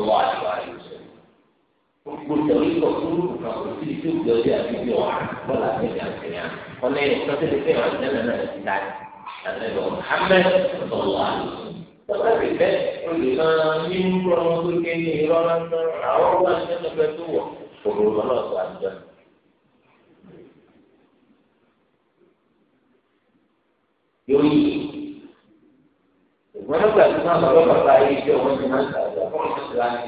lọ́wọ́ àdìwà yìí sọ. Gbogbo ìtọ́jú ìtọ́ kúrú kan kò sí ìtú ìjọba àti ìjọ wa bọ́lá tẹ̀lé àtẹ̀lé àná. Ọ̀nà ẹ̀yìn kan tẹ̀lé fẹ́ wà nínú náà ti ta ni. Àtẹ̀lé wọn Muhammed lọ́wọ́ àdìwà. Bàbá mi bẹ́ olè máa tó ké ní irọ́ lọ́nà àwọn ọgbà Yóò yí wọn nígbà tí wọn lọ bàbá yìí jẹ wọn ti máa ń tàjà fún ọmọ ìlà ní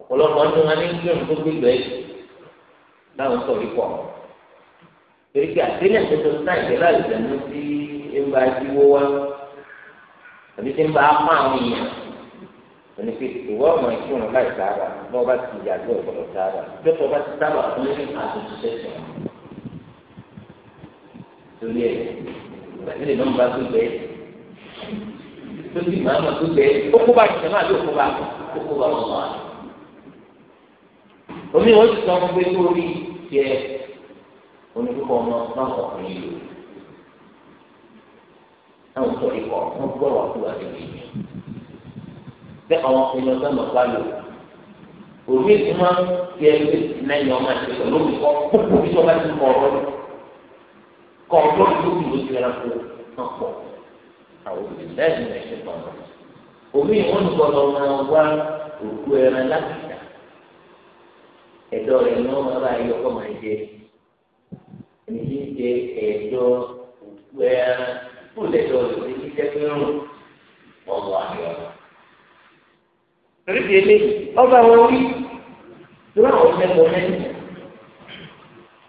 ọ̀pọ̀lọpọ̀ ọdún wọn ní kílódé tó gbégbé yìí láwọn sọ wípọ torí pé àtẹlẹ tó tó náà ìjẹlá ìjẹun tí ń bá jíwó wá àbí tí ń bá pa àwọn èèyàn òní pé ìwọ ọmọ ìṣúná láì sára bí bá ti yàgbé ọgbọdọ sára bí bá ti sábà fún ní àtúntò sẹsẹ torí ẹ gbàtí lè mọ́mú bá tó gbé tó sì máa mọ̀ tó gbé kókó bá jùlọ náà ló kó bá kókó bá wọn wá. omi wọn ti sọ fún pé kó rí tiẹ̀ oníkókó ọmọ máa kọ̀ fún yìí lò. àwọn tó ikọ̀ wọn gbọ́rọ̀ kú àti ìgbìmọ̀. bẹ́ẹ̀ àwọn ọkùnrin ọgbẹ́ mọ̀ bá lò òbí ìtumọ̀ tiẹ̀ lẹ́yìn ọmọ àti ìgbà lórí kọ́ kókó bí wọ́n bá ti mọ̀ ọ̀rọ̀ kọ ọdún lókù ló ti rẹ kó wọn pọ àwọn olùdílé ẹni rẹ ṣe tán lọ omi ìwọn gbọ́dọ̀ máa wá òkú ẹran láti dà ẹ̀dọ̀ rẹ ni wọn máa bá yọ ọkọ máa jẹ èyí jẹ ẹ̀dọ̀ òkú ẹran fún ẹ̀dọ̀ rẹ ní jíjẹ pé ń rùn wọn torí ti eléyìí ọba wọn wí tí wọn àwọn ọmọ ẹ̀gbọ́n mẹ́rin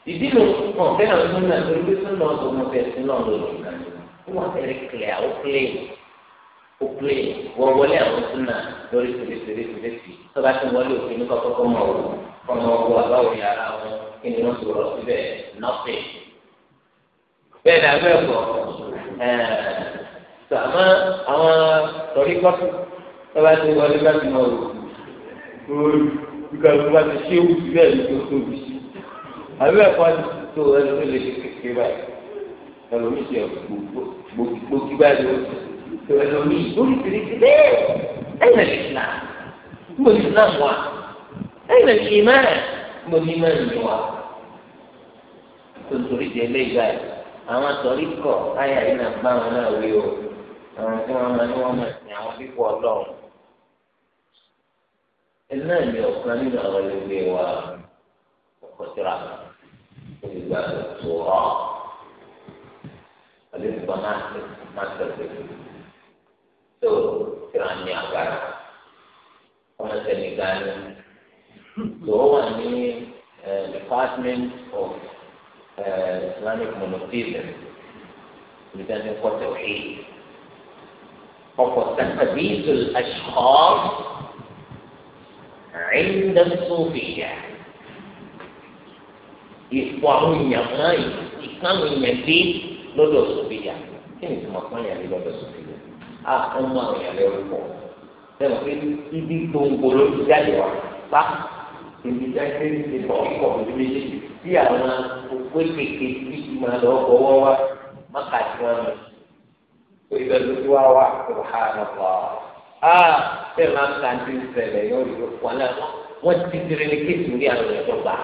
ìdílé wọn fẹ́ àwọn ọdún náà torí pé sọ́nà ọ̀dọ̀ wọn fẹ́ sí náà lọ́dọ̀ náà wọn fẹ́rẹ̀ kílẹ̀ ó kílẹ̀ ó kílẹ̀ wọ́n wọlé àwọn sọ́nà lórí tìrìtìrìtìrìtì tọ́ba tí wọ́n lé òfin ní kọ́kọ́kọ́ mọ̀ ọ́ ọmọ ọgbọ́ àbáwò yàrá wọn kí ni wọ́n sọ̀rọ̀ síbẹ̀ nọ́ọ̀fẹ̀ bẹ́ẹ̀ ni abẹ́ ẹ̀kọ́ sàmá àwọn tọ́lí kọ́tù tọ́ba tí wọ́n lé bá ti mọ̀ ọ́ àbí ẹ̀kọ́ tó ẹlòmíì lè ṣe kékeré báyìí ẹlòmíì ṣe gbòógì báyìí ló tó ẹlòmíì lórí tìrìtì bẹ́ẹ̀ ẹ̀yìn lè ṣe náà mo ní náà wà ẹ̀yìn lè ṣe náà mo ní náà ní wà tó ń torí di eléyìí báyìí àwọn àtọ̀rí kọ̀ káyà yìí náà bá wọn náà wí o àwọn tí wọ́n máa ní wọ́n máa sìn àwọn pípọ̀ ọlọ́run ẹ̀ náà ní ọ̀kan nínú àwọn ilé wa ọ̀pọ̀ síra kan. إلا بالصورة الإصطناعات ما تدري تو كراني أعرف وما تدري قال تو أني Department of Islamic Monotheism لذلك هو توحيد فهو تقديس الأشخاص عند الصوفية ìfọ àwọn èèyàn mọ ìkáwọn èèyàn dé lọ́dọ̀ sọfìyà kí ni ìtumọ̀ fún èèyàn dé lọ́dọ̀ sọfìyà a ń mú àwọn èèyàn lẹ́rú pọ̀ sẹ́wọ̀n pé ibi tó ń gbòòrò ti jáde wá pa ibi jáde ti bọ̀ ọ̀pọ̀ òbí méjèèjì tí àwọn òkú kékeré tí máa lọ fọwọ́ wá mákàtí wọn lọ pé ìbẹ̀rù tí wá wà kò há lọ pọ̀ a bẹ́ẹ̀ máa ń ka ní ìṣẹ̀lẹ̀ wọn náà wọ́n ti tẹ̀lé ní kéèkì ní àwọn ẹ̀dọ́gba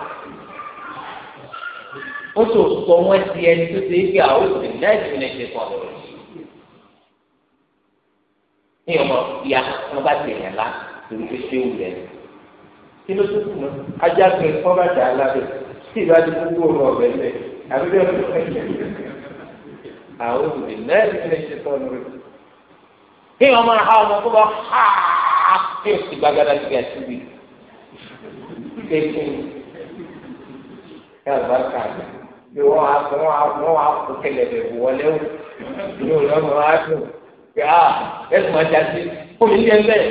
ó tó sọ wọn ti ẹni tó ṣe é gbé àwọn òṣèlú náà ìṣẹ̀lẹ̀ ṣe kàn lọ ní ọmọ ìyá wọn bá ti yàn lá torí pé ṣé wù rẹ kí ló tó kùnà ajá pé wọn bá dà á lábẹ́ tí ìbá ti kúkú ọmọ ọbẹ lẹ àbí bẹ́ẹ̀ ló fẹ́ àwọn òṣèlú náà ìṣẹ̀lẹ̀ ṣe kàn lọ kí ọmọ ha ọmọ tó bá ha kí o sì gbàgádà ti gà síbi kékeré ẹ àbá kàdé tí wọ́n á fún wọn fún wọn á kó kẹlẹ̀bẹ̀ bò wọlé wò ní òun náà wọ́n dùn pé a ah, ẹ̀sùn máa jáde kó mi yẹ bẹ́ẹ̀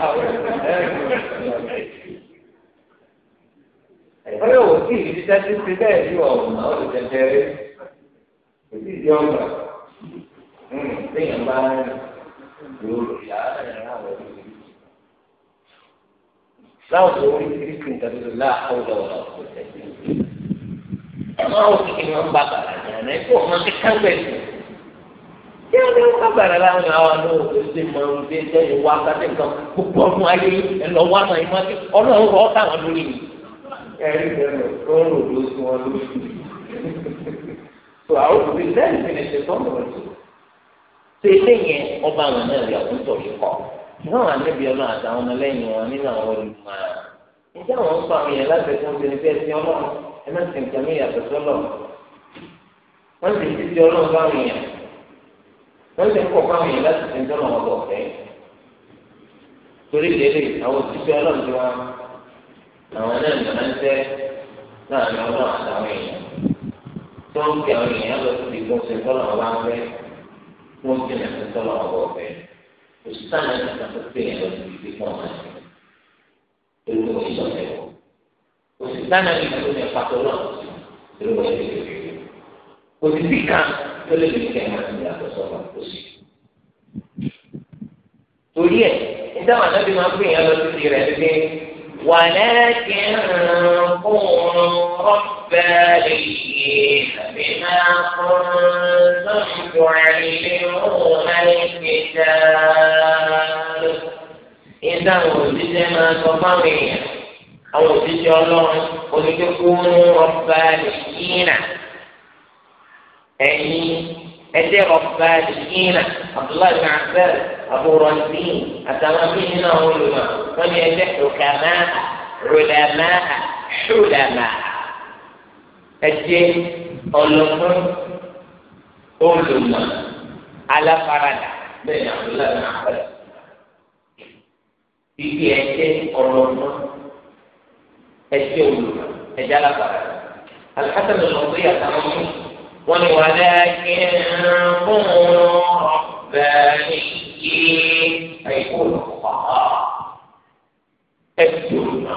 a wọ́n yóò wò ìdí jáde sí bẹ́ẹ̀ ní ọ̀rùn náà ló tẹ̀tẹ̀ rẹ̀ kò sí ìdí ọ̀gbà lẹ́yìn bá yóò yá ẹ̀rọ àwọn ọ̀rùn láwùjọ orí kìrìkìrì tàbí lọ́la àwùjọ ọ̀rọ̀ tẹ̀lé ẹ̀ma wò kí ni wọ́n bá bàrà ní àná ẹ̀kọ́ wọn ti ká bẹ̀ sí. Kí ẹni wọ́n bá bàrà láwọn àwọn àlọ́ òṣèṣe mọ ohun tí ẹjẹ́ yìí wá sáté kan gbogbo ọdún ayé ẹ̀lọ́ wá máa yín májú ọlọ́run rọ̀ táwọn lórí mi. Ẹ̀rí ìdẹ́nu tó ń rò ló sí wọn lórí. Tó àwọn òbí lẹ́yìn fi lè ṣe tọ́nù rẹ̀ tó. Ṣé ilé yẹn ọba àwọn náà rí àkúntọ̀ yìí kọ́? Ṣùgbọ́n àwọn àlẹ́bí ọlọ́run àtàwọn ọmọ lẹ́yìn wọn nínú àwọn olùmọ̀ràn níjẹ́ àwọn ń pa àwọn èèyàn láti ẹ̀kọ́ ṣe ní bí ẹsìn ọlọ́run ẹ má sì ń kàmí ìyàtọ̀ sọ́lọ̀ wọ́n sì ti di ọlọ́run bá àwọn èèyàn wọ́n sì ń kọ̀ fáwọn èèyàn láti ṣe ń tọ́nà ọ̀bọ̀ ọ̀fẹ́ torí lélẹ̀ àwọn òṣìṣẹ́ ọlọ́run ti wá àwọn náà ní ọ̀nà ń tẹ́ láàrin ọlọ́run àtàwọn èèyàn tó ń kẹ àwọn èèyàn lọ síbi tó ń ṣe tọ́lọ̀ ọba fẹ́ wọ́n ti ń tọ́lọ̀ kò sí lọ́sẹ̀ kò sí dáná bí kò ní ẹ̀fà tó lọ ìlú wọlé lè lè kò sí bí kan tó lè lè kẹ́ máa ní àtọ̀sọ́ náà kò sí. torí ẹ̀ ìdáhùn ànábì máa ń pè yẹn lọ sí ti rẹ̀ ní ولكن كونوا ربانيين بما كنتم تعلمون الكتاب إذا وجدنا تطمئن àwọn òṣìṣẹ́ ọlọ́run oníkékúnú ọba nìyína ẹ̀yin ẹ̀jẹ̀ ọba nìyína abdullahi bin abdul aburọ̀dì àtàwọn míì náà wọ́n lò wọ́n wọ́n ní ẹ̀jẹ̀ ọ̀kàmá rọ̀dàmá ṣùdàmá ẹ̀jẹ̀ ọlọ́run olùmọ̀ aláfaradà bẹ́ẹ̀ ni abdullahi bin abdul ibi ẹ̀jẹ̀ ọlọ́run ẹjẹ olùmọ ẹjẹ alágbára alhassan al-ọ̀sẹ̀ àtàwọn ọmọ wọn ni wàá dáké fún ọ̀bẹ̀nìkì ẹ̀kọ́ olùkọ́ ẹjẹ olùmọ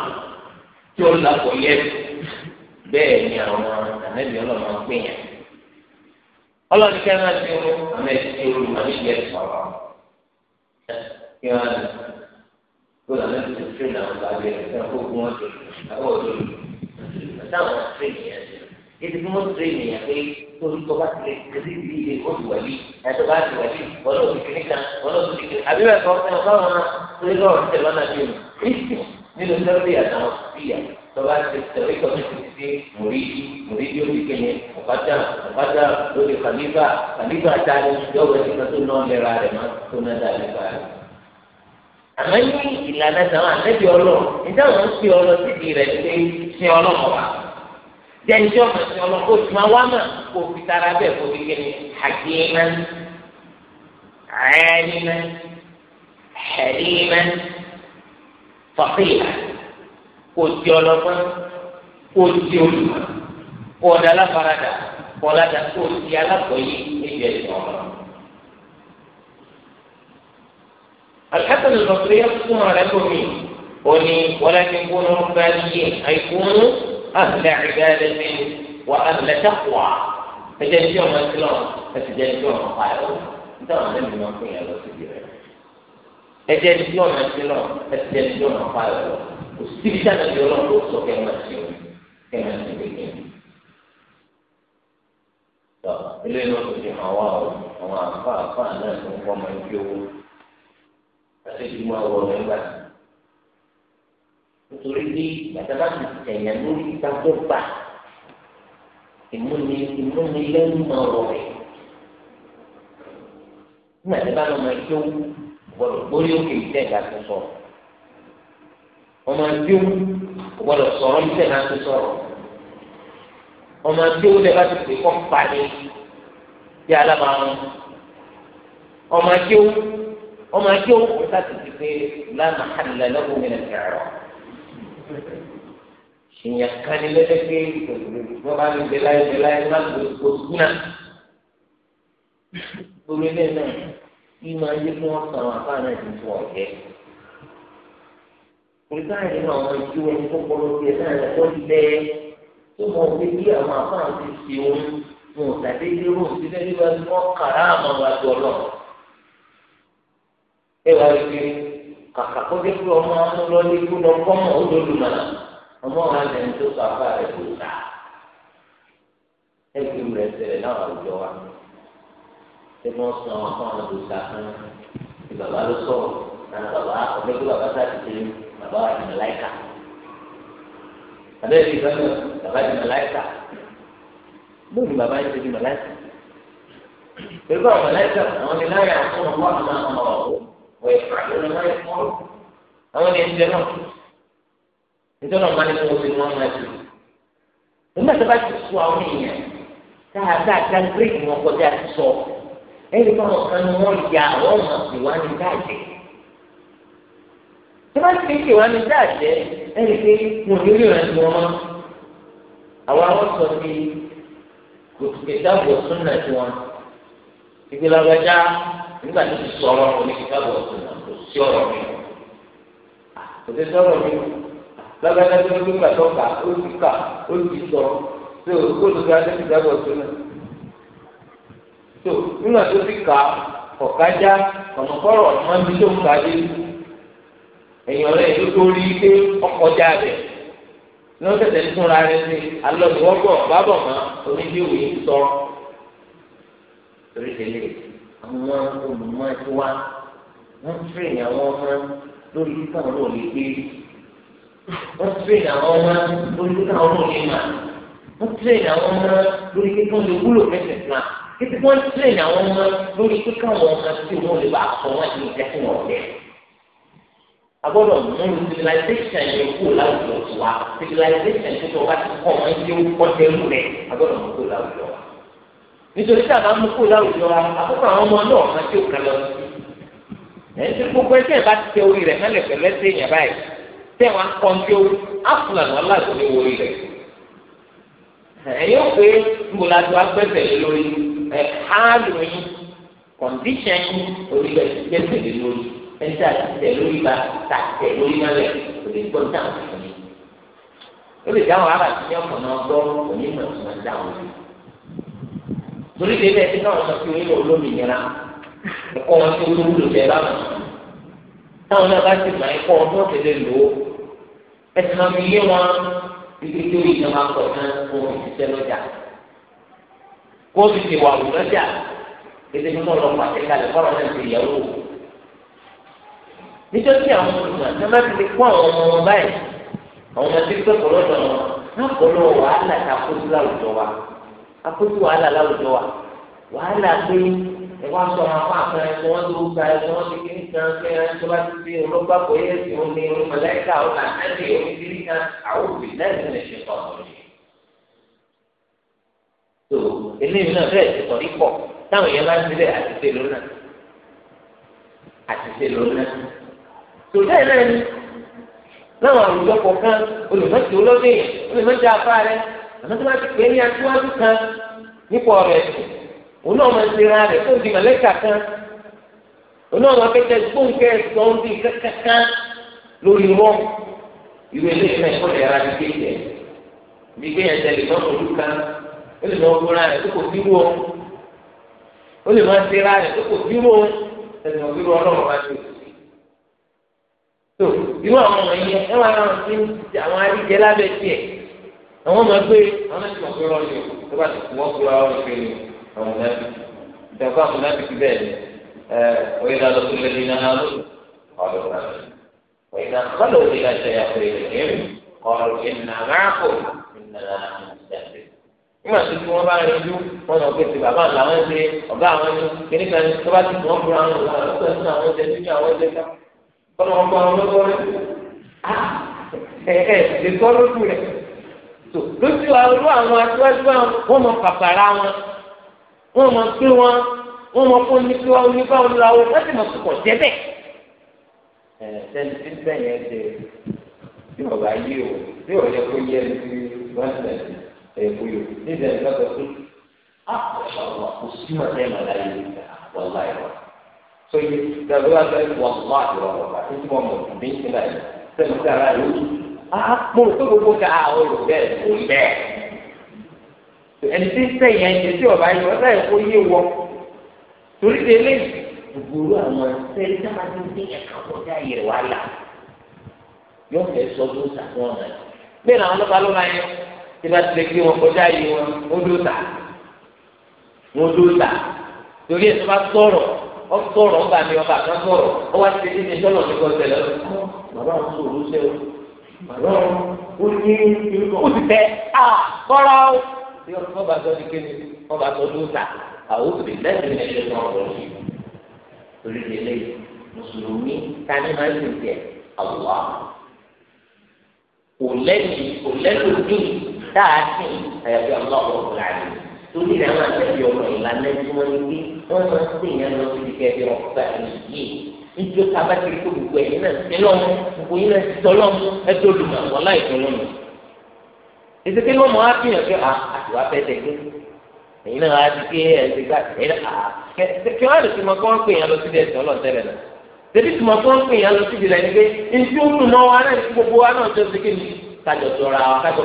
tí ó lakọ̀ yẹ bẹ́ẹ̀ ni àwọn ànábì ọlọ́mọ ń pè yẹn ọlọ́ọ̀ni kẹ́rin àti ọmọ ẹ̀jẹ̀ olùmọ níbi ẹ̀sọ̀rọ̀ kí wọ́n á lè kó làwọn ẹni tó tún náà gba abẹ rẹ fún ọkọ wọn tó àwọn ọdún táwọn tún nìyẹn yìí tí wọn tún nìyẹn pé orúkọ bá tilẹ̀ kiri bí ilé oṣù wẹ̀lí ẹ̀tọ́ bá ti wẹ̀lí wọn lọ́ọ́ ti kiri kan wọn lọ́ọ́ ti kiri àbí bẹ́ẹ̀ kọ́ ẹ̀ ọ̀gá wọn lórí lọ́ọ̀rù tẹ̀ lọ́nà bí mi kristi nínú sẹ́fì àtàwọn fìyà tọ́ba ti tẹ̀lé kọ́mẹ́tì ní yọ̀wé nípa tó náà lẹ́ra rẹ̀ máa tó náà àmọ́ ní ìlànà táwọn àtẹ́bí ọlọ́ níta wọn ń fi ọlọ síbi rẹ̀ ṣe sin ọlọ́mọ wa jẹ́ni tí ọmọ sin ọlọ́mọ kò tún wá mà kò fi tara bẹ́ẹ̀ kò fi kéde àgbéyìnmá àyànnímá ẹ̀ríyìnmá fọ́fíìlà kò ti ọlọ́mọ kò ti olùmọ̀ kò ọ̀dà aláfaradà kò ọ̀làdà kò ti alákọ̀ọ́yé ẹ̀jẹ̀ ìtọ́lọ́mọ. الحسن البصري يقسم على كمي وني ولكن كونوا ربانيين أي كونوا أهل عبادة وأهل تقوى فجنسيهم الإسلام فجنسيهم القائل أنت ما نبي ما كوني على سبيل فجنسيهم الإسلام فجنسيهم القائل وسبيشان اليوم دوسو كما سيوم كما سيوم طب اللي نقول في حوار وما أنفع أنفع الناس وما يجيبوا àtẹ̀jú máa wọ̀ nígbà nítorí bí ìgbàdàbà ti tẹ̀yàn lórí ìgbàdọ́gba ìmúni ìmúni lẹ́nu máa wọ̀ rẹ̀ nígbà tí bá lọ́mọ ẹjọ́ gbọ́dọ̀ gbórí òkè ìtẹ̀gà tó sọ ọmọ ẹjọ́ gbọ́dọ̀ sọ̀rọ̀ ìtẹ̀gà tó sọ̀rọ̀ ọmọ ẹjọ́ lẹ́bàá ti pè kọ́ pàdé bí alábàárún ọmọ ẹjọ́ ọmọ ẹjọ́ òkúta ti ti pé lánàá hàlẹ́ lọ́wọ́ mi nàá kẹrọ. èèyàn kan ní lẹ́lẹ́gbẹ́ ìgbọ̀ngbọ̀n bá ní bẹ́láyé bẹ́láyé má gbogbo súnà. torí ilé náà kí máa yé kí wọ́n sàn àpá náà ti fún ọ̀jẹ́. torí káàdì náà ọmọ ẹjọ́ ẹni tó kọ́ lórí ẹ̀ náà lọ́kọ́ lẹ́ tó mọ̀ pé bí àwọn àpá àti ṣe òun mo tàbí ilé rò sílẹ̀ nígbà tí wọ́n kàrá àmọ́ àgbọ̀ náà ẹ wá rí pé kàkà kó dé pé ọmọ lọlé kú lọ kọ́mọ ó lólu mọ́ ọmọ wa lẹ́nu tó sọ afá rẹ̀ kò sá ẹgbẹ́ rẹ̀ ṣẹlẹ̀ náà àwùjọ wa ṣé wọ́n sọ àwọn kan lọ kò sá fún ti bàbá ló sọ̀rọ̀ náà bàbá ọ̀dẹ́gbẹ́ bàbá sáà ti ṣe bàbá wa ní mẹ́láìkà àbẹ́rẹ́ ìgbàlẹ̀ bàbá di màláìka bóyá ni bàbá yẹn ti di màláìka pẹ̀lú àwọn màláìka àwọn ni ويفعلون ما يأمرون àwọn ènìyàn jẹ náà nítorí wọn bá ní kó ni, ti mú ọmọ ẹsẹ nígbà tó bá ti sọ àwọn èèyàn dáadáa dá wọn kọjá ti sọ ẹni bá wọn kan ní wọn ya àwọn ọmọ ìwà ní dáàjẹ tí wọn ti ṣe ìwà ní dáàjẹ ẹni pé wọn ò ní rí ìrántí wọn àwọn àwọn sọ ti kòtùkè dáàbò súnà tiwọn ìgbélágbájá nígbà tó ti sọ̀rọ̀ oníkìtàbọ̀ ọ̀sùnà kò sí ọ̀rọ̀ mi kò sí sọ̀rọ̀ mi lágbàdá tó ń gbégbà tó kà ó ti kà ó ti sọ tó kó ló ti adé kìtàbọ̀ ọ̀sùnà tó nígbà tó ti kà ọ̀kájá ọ̀nàkọ́rọ̀ ọ̀nà mi tó ń kà dé èèyàn rẹ̀ ló tó rí pé ọkọjá rẹ̀ ní wọ́n tẹ̀sẹ̀ fúnra rẹ̀ sí alọ́ ìwọ́gbọ̀n bábọ̀ mọ́ onídìí òye sọ torí tẹ́lẹ̀ àwọn olùmọ̀ ẹ̀kọ́ wa wọ́n tírè àwọn ọmọ lórí kíkà wọn ò lè gbé wọ́n tírè àwọn ọmọ lórí kíkà wọn ò lè mà wọ́n tírè àwọn ọmọ lórí kíkà wọn lè wúlò fẹsẹ̀ náà títí wọ́n tírè àwọn ọmọ lórí kíkà wọn ọmọ tí wọ́n lè bá kọ́ wọn ti jẹ́ fún wọn jẹ́ agbọ́dọ̀ mú civilization yẹn kú láwùjọ tiwa civilization tó tó bá ti kọ́ wọn yóò kọ́ tẹ́lú rẹ̀ agbọ́dọ̀ mú kó láwùjọ wa nítorí tí a bá mú kó láwùjọ wa àkókò àwọn ọmọ náà máa tí ò kàn lọ ẹ̀ ń tí gbogbo ẹ̀ṣẹ̀ bá ti tẹ orí rẹ̀ mẹ́lẹ̀ pẹ̀lú ẹ̀ṣẹ̀ èèyàn báyìí tẹ̀ wọ́n kọ́ ń bí ó áfúlànà aláàbò ní orí rẹ̀ ẹ̀yìn ò pé mbòlájú agbẹ́sẹ̀ lórí ẹ̀ áàlù yín kọ̀ǹdíṣẹ̀ yín orí rẹ̀ gbẹ́sẹ̀ lórí ẹ̀ṣẹ̀ àti tẹ̀ lórí bá ta tẹ̀ lórí mẹ́lẹ̀ ó lè dáhùn ní ọ̀pọ̀ náà torí lè lẹ́ẹ̀tì náà wọ́n fi oyin olómìnira ẹ̀kọ́ wọn tó wúlò bẹ́ẹ̀ lánàá táwọn náà bá ti mọ ẹ̀kọ́ wọn tó lò ó ẹ̀sìn náà yé wọn ibi tó yìí náà kọ̀ náà kó o ti tẹ́ lọ́jà kó o ti ti wà lọ́jà ètò ìmọ̀ lọ pàṣẹ kalẹ̀ kọ́ra náà ti yẹ wò nítorí tí àwọn olùmọ̀ náà ti lè kó àwọn ọmọ wọn báyìí àwọn ọmọ tí kò kọ́ lọ́dọ̀ akótó wàhálà láwùjọ wa wàhálà pé ẹ̀wọ̀n sọ ma fún àpẹẹrẹ tí wọ́n ló gba ẹ̀wọ̀n wọn ti kí ní kan kí ẹ̀rọ tó bá ti fi olóògbà kò yẹ ẹ̀sìn òun ní orí mọ̀lẹ́kà òun àtẹ́lẹ̀ òun ti rí kan àwọn òbí lẹ́sìn lè ṣe tọ̀ ọ̀rọ̀ yìí. tó eléyìí náà bẹ́ẹ̀ ti sọ̀rí pọ̀ táwọn èèyàn bá ti bẹ́ẹ̀ àti ṣe lónà àti ṣe lónà. tó bẹ́ẹ̀ náà ni láwọn àwùjọ kọ̀ọ̀kan olùmọ̀tì olóbìnrin olùmọ̀tì afárẹ́ àmọ́ tó bá ti pè é ní aṣíwájú kan nípa ọ̀rọ̀ ẹ̀sìn òun náà máa ń ṣe ra rẹ̀ tó di mọ̀lẹ́kà kan òun náà máa kẹ́kẹ́ gbóǹkẹ́ sọ ń di kankan lórí wọn ìwé ilé ìfẹ́ ìfọ́n ẹ̀rọ àdìgbé yẹ bí gbé yẹn tẹ̀lé náà pẹ̀lú kan ó lè máa gbóra rẹ̀ tó kò dúró ó lè máa ṣe ra rẹ̀ tó kò dúró ẹ̀sìn òdúró ọlọ́run máa tó irú àwọn ọmọ yẹn ẹ wá láwọn tí àwọn adíjẹ lábẹ́ tiẹ̀ àwọn máa gbé àwọn ẹni tó gbé rọlì o tó bá ti kú wọn kú ra ọrùn kiri àwọn nàbì ìjọba àwọn nàbì ti bẹ́ẹ̀ ni ẹ oyè náà lọ sí ilé ní náà lọ ọ̀dọ̀ náà oyè náà kọlọ òde náà ṣe àpò ìlú ẹrù ọ̀rọ̀ ìnà àmàkò ìnà àmàkò nígbà tó tí wọn bá rí ju wọn náà pèsè bàbá làwọn ṣe ọgá àwọn ẹni kíní kan tó bá ti wọn kúra àwọn ọgá àwọn ọgá àwọn ọjọ́ nínú àwọn ọjọ́ ká kọlọ wọn bá wọn lọ́wọ́ rẹ ah, ẹ ẹ ṣètò ọlọ́dún rẹ tó lójú àrú àwọn aṣíwájú wọn mọ pàpàrà wọn wọn mọ gbé wọn wọn mọ fún ní kí wọn ní báwọn lọ àwọn wọn sì mọ sùpọ̀ jẹ́bẹ̀. ẹ sẹ́ni tí ń bẹ̀yẹn ṣe bí ọba yí o bí ọ̀rẹ́ kó yẹ ẹni ah, tí wọ́n ń bẹ̀rẹ̀ ẹ̀kú yòó níbi ẹ̀ lọ́sọ̀ pé àpọ̀lọpọ̀ kò sí màtẹ́ màláyé wọ́n láì wọ́n. so yìí dàbí wàá bẹ́ẹ̀ wọ́n mọ́ àti wọ́n wọ́n bá títí wọ́n mọ̀ Ah, mo rò pé gbogbo ta ah, àwọn olùbẹ́ẹ̀ kò bẹ́ẹ̀ ẹni tí ń sẹ́yìn ẹni tí ọba yìí wọ́n sáyẹn kó yé wọ torí de lé gbogbo àwọn sẹ́yìn tí a máa ti ń dín ẹ̀ka kọjá yẹrẹ wá là yóò fẹ́ sọ bó sàkún ọ̀nà bẹ́ẹ̀ làwọn lọ́ba ló máa yẹ tí bá ti lè gbé wọn kọjá yìí wọn ó dó ta wọn dó ta torí ẹ̀ tó bá sọ̀rọ̀ ọ sọ̀rọ̀ ọba mi ọba kan sọ̀rọ̀ ọ wá ti di ní sọ̀rọ̀ nípa ọ̀sẹ̀ lọ́wọ́ bàbá wọn sọ̀rọ̀ ó màlọ́ ó ní ó ti tẹ à kọ́ra ó tí wọ́n bá sọ ní kéde wọ́n bá sọ ló ta àwọn òbí lẹ́sìn ní ẹ̀ṣẹ̀ náà wọ̀ sí torí délé mùsùlùmí tani máa ń sìn jẹ àwùwá kò lẹ́yìn kò lẹ́yìn ojú dáàtì àyàfi ọlọ́run ọ̀gbìn àyè torí rẹ̀ wọ́n àti ẹ̀yọ̀ ọ̀rọ̀ ìlànà tí wọ́n ń gbé wọ́n máa ń sìn yẹn lọ sí ìkẹ́kẹ́ ọ̀gbà yìí nítorí ká bá kiri kó gbogbo ẹ̀yin náà ti lọ́mú gbogbo yín náà ti tọ́ lọ́mú ẹjọ́ olùmọ̀ àwọn aláìsàn lọ́mú. ìsèké lọ́mọ á fi hàn pé àtiwá fẹ́ tẹ̀lé ẹ̀yin náà á ti ké ẹ̀sìn ká ẹ̀yin náà kí wọ́n á lè fi mọ kí wọ́n pè yàn lọ síbi ẹ̀sìn ọlọ́ọ̀tẹ́lẹ̀ náà. tẹ̀lé tí mo kọ́ ń pè yàn lọ síbi lẹ́ni pé ntí ó wa náà gbogbo wa náà jọ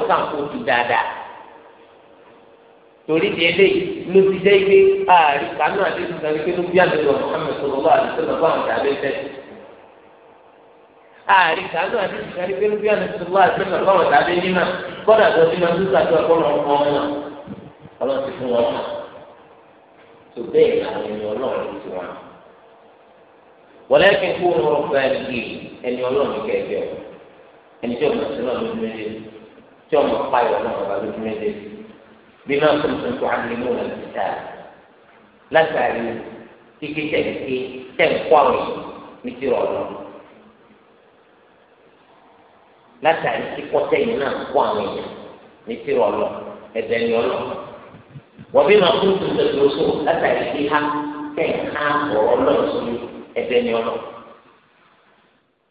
torí di eléyìí ló ti jẹ́ ibi ààrí kanú àti ìsúnkan pé ló bí àdúgbò Muhammad sọlọ́lá àti sọlọ́ fún àwọn ìdàgbé fẹ́. ààrí kanú àti ìsúnkan pé ló bí àdúgbò sọlọ́lá àti sọlọ́ fún àwọn ìdàgbé nínú kọ́dà tó ti máa ń dúkà tó ọkọ́ lọ́wọ́ fún ọmọ ọlọ́run ti fún wọn mọ̀. tó bẹ́ẹ̀ àwọn ọlọ́run ti wọn. wọlé kí n kú wọn bímọ tuntun tó àlejò rẹ ti ta látàrí kíkí tẹ̀sí tẹ̀kọ́ àwọn ní ti rọ̀ lọ látàrí kíkọ́ tẹ̀yìn náà kọ́ àwọn èèyàn ní ti rọ̀ lọ ẹ̀bẹ̀ ni ọlọ́ wọ́n bímọ tuntun tẹ̀sí oṣù látàrí kíhá tẹ̀ka ọ̀rọ̀ lọ́ọ̀ sí ẹ̀bẹ̀ ni ọlọ́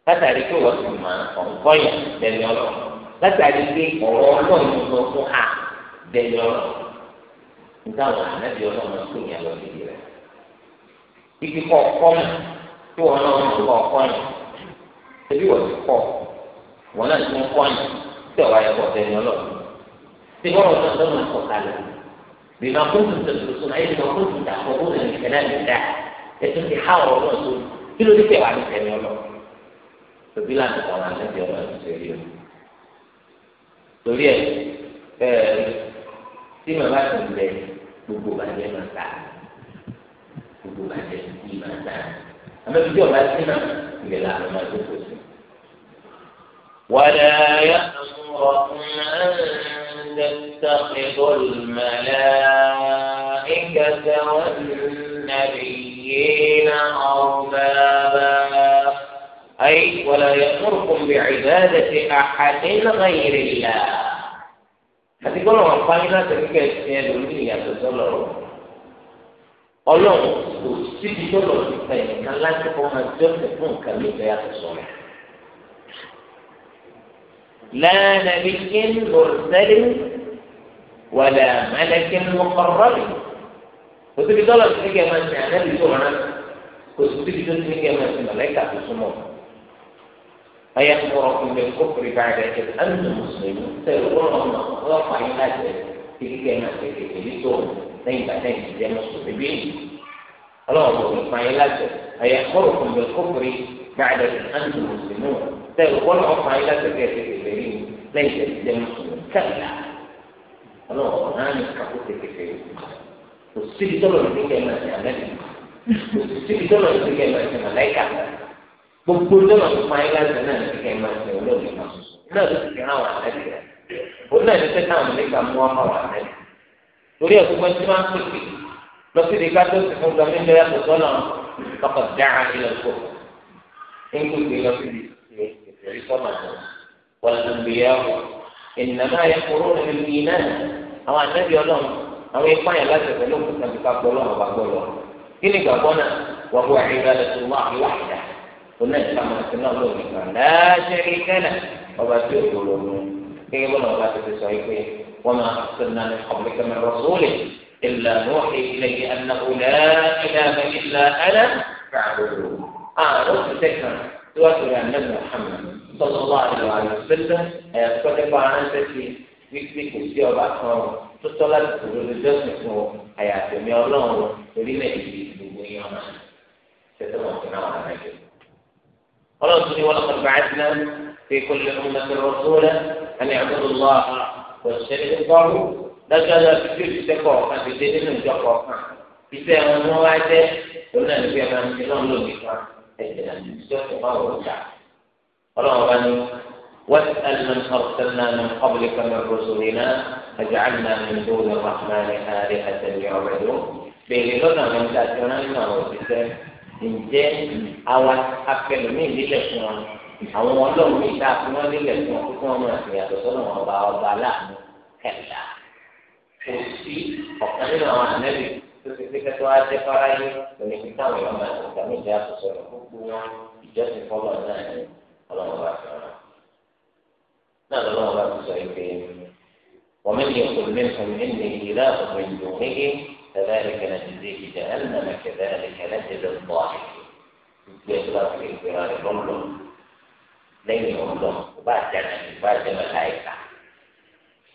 látàrí kí wọ́n ti mọ ọ̀gbọ́n yẹn ẹ̀bẹ̀ ni ọlọ́ látàrí kí ọ̀rọ̀ ọlọ́ọ̀ yìí lọ fún ha dẹni ọ̀rọ̀ nítawọn ànábi ọlọ́mọ tó yàn lọ níbi rẹ̀ igi kọ ọkọ mọ tí wọn náà wọn kọ ọkọ yẹn ebi wọn ti kọ wọn náà ti ń kọ yẹn tí ọba yẹ kọ dẹni ọ̀rọ̀ tí wọn wọn náà lọ́nà kọ kalẹ̀ bìnnà kóńtù tẹ̀sán ayé bìnnà kóńtù tà kó kó lẹ́nu kẹlẹ́ mi dá ẹ̀sùn ti há ọ̀rọ̀ náà tó kí ló dé pẹ̀ wá ní kẹlẹ́ ọlọ́ tí bá tó ń bẹ gbogbo bàjẹ́ máa ta gbogbo bàjẹ́ ti máa ta àmọ́ ibi tí ọba tí náà ìgbẹ́ la àwọn máa tó kò sí. ولا يأمركم أن تتخذوا الملائكة والنبيين أربابا أي ولا يأمركم بعبادة أحد غير الله àti gbọ́dọ̀ wọn fáyín láti kíkẹ́ ẹ̀sìn ẹlòmíì ìyàtọ̀ sọ́lọ̀ rọ̀ ọlọ́run kò síbi sọ́lọ̀ ti ka ìnìkan láti kọ́ máa jọ́sìn fún nǹkan ló fẹ́ yàtọ̀ sọ́lọ̀ lẹ́ẹ̀nà bí kí ń lọ sẹ́lẹ̀ wàlẹ̀ mẹ́lẹ́kí ń lọ kọ́rọ́ mi kò síbi sọ́lọ̀ ti kíkẹ́ máa ṣe àná kò síbi tó ti kíkẹ́ máa ṣe mọ̀lẹ́kà tó súnmọ́ أيأمركم بالكفر بعد إذ أنتم مسلمون سيقولون رفع الناس في كلمة في كلمة نين بعدين زي مسلمين الله رفع الناس أيأمركم بالكفر بعد إذ أنتم مسلمون سيقولون رفع الناس في كلمة ليس زي مسلمون كلا الله يقول أنا كفرت كفرت وسيدي تقول في كلمة في نبي وسيدي تقول في كلمة gbogbo dọ́là tó máa ń gá ẹsẹ̀ náà ti kẹ́ ẹ máa ń tẹ̀wé lórí ìmọ̀ náà ló ti fi hàn wà lẹ́bi rẹ̀ ó náà ní sẹ́kà àwọn nígbà mú ọmọ wà lẹ́bi torí ẹ̀kú pé tí wọ́n á pèsè lọ sí ìdíkà tó ti fún gbàmí lórí àtọ̀tọ̀ náà lọ́kọ̀ dáhà ilẹ̀ kó ńgbègbè lọ sí ìrírí sọ́nà tó wọ́n lọ gbé yà wọ́ ìnàmá yẹ kúrò nínú iná àwọn àtẹ́bí ọlọ́run àwọn ipá yẹn láti ẹ̀fẹ́ ló kù tàbí ká gbọ́ lọ́wọ́ bá gbọ́ lọ kí ni gbàgbọ́ náà wọ́n bọ́ àríwá lẹ́sùn wá àríwá ìdá oná ìsàmù sí náà lórí kan láṣẹ ìkẹlẹ ọba tí òkú lòun gẹ́gẹ́ bọlọ ọba ti ti sọ yìí pé wọn máa sọ náà ní ọmọlẹkẹ mẹrọ sóòlì ìlà nùhì ilẹ yìí anahu lẹ́ẹ̀kẹ́lẹ́ abẹ́ ìlà ẹlẹ́ fàlùlù. àwọn òṣìṣẹ́ kan tí wọ́n ti rà nẹ́ẹ̀mù Muhammad sọ́dọ̀ wà lọ àlùfẹ́lẹ́ ẹ̀ẹ́dẹ́gbẹ́ aránṣẹ́ ti wípé kò sí ọba kan tó tọ́ láti kúrò lójọ́sìn fún ọ àyàtẹ̀mí ọlọ́run orílẹ̀-èdè gbogbo yẹn ọmọ ṣẹ̀tẹ̀ wọn fi náà wà láyé. رسل ولقد بعثنا في كل أمة رسولا أن اعبدوا الله واجتنبوا الطاغوت لكن في كل تقوى في دين تقوى في سيرة مواعدة قلنا أن في أمام كلام لوجيكا أيضا واسأل من أرسلنا من قبلك من رسلنا أجعلنا من دون الرحمن آلهة يعبدون بإذن الله من تأتينا من ǹjẹ́ àwa afẹnumíì lílẹ̀ fún wọn àwọn ọlọ́run mi ta fún wọn lílẹ̀ fún wọn kókó wọn máa ṣèyàtọ̀ sọ́nà ọba ọba aláàánú kẹlá kò sí ọ̀kan nínú àwọn ànẹ́bí tó ti pé kẹ́tọ́ á jẹ́ fáráyé lórí pé káwọn èèyàn máa ṣe ìgbàmí ìjà àtọ̀sọ̀ rẹ̀ gbogbo wọn ìjọsìn fọlọ́ náà ni ọlọ́run bá fi wọn náà lọ́wọ́ bá ti sọ ìpè ومن يقول منهم إني إله من دونه كذلك نجزيه جهنم كذلك نجزي الظالمين بإخلاص الإقرار لهم لن يؤمنون وبعد جنة وبعد ملائكة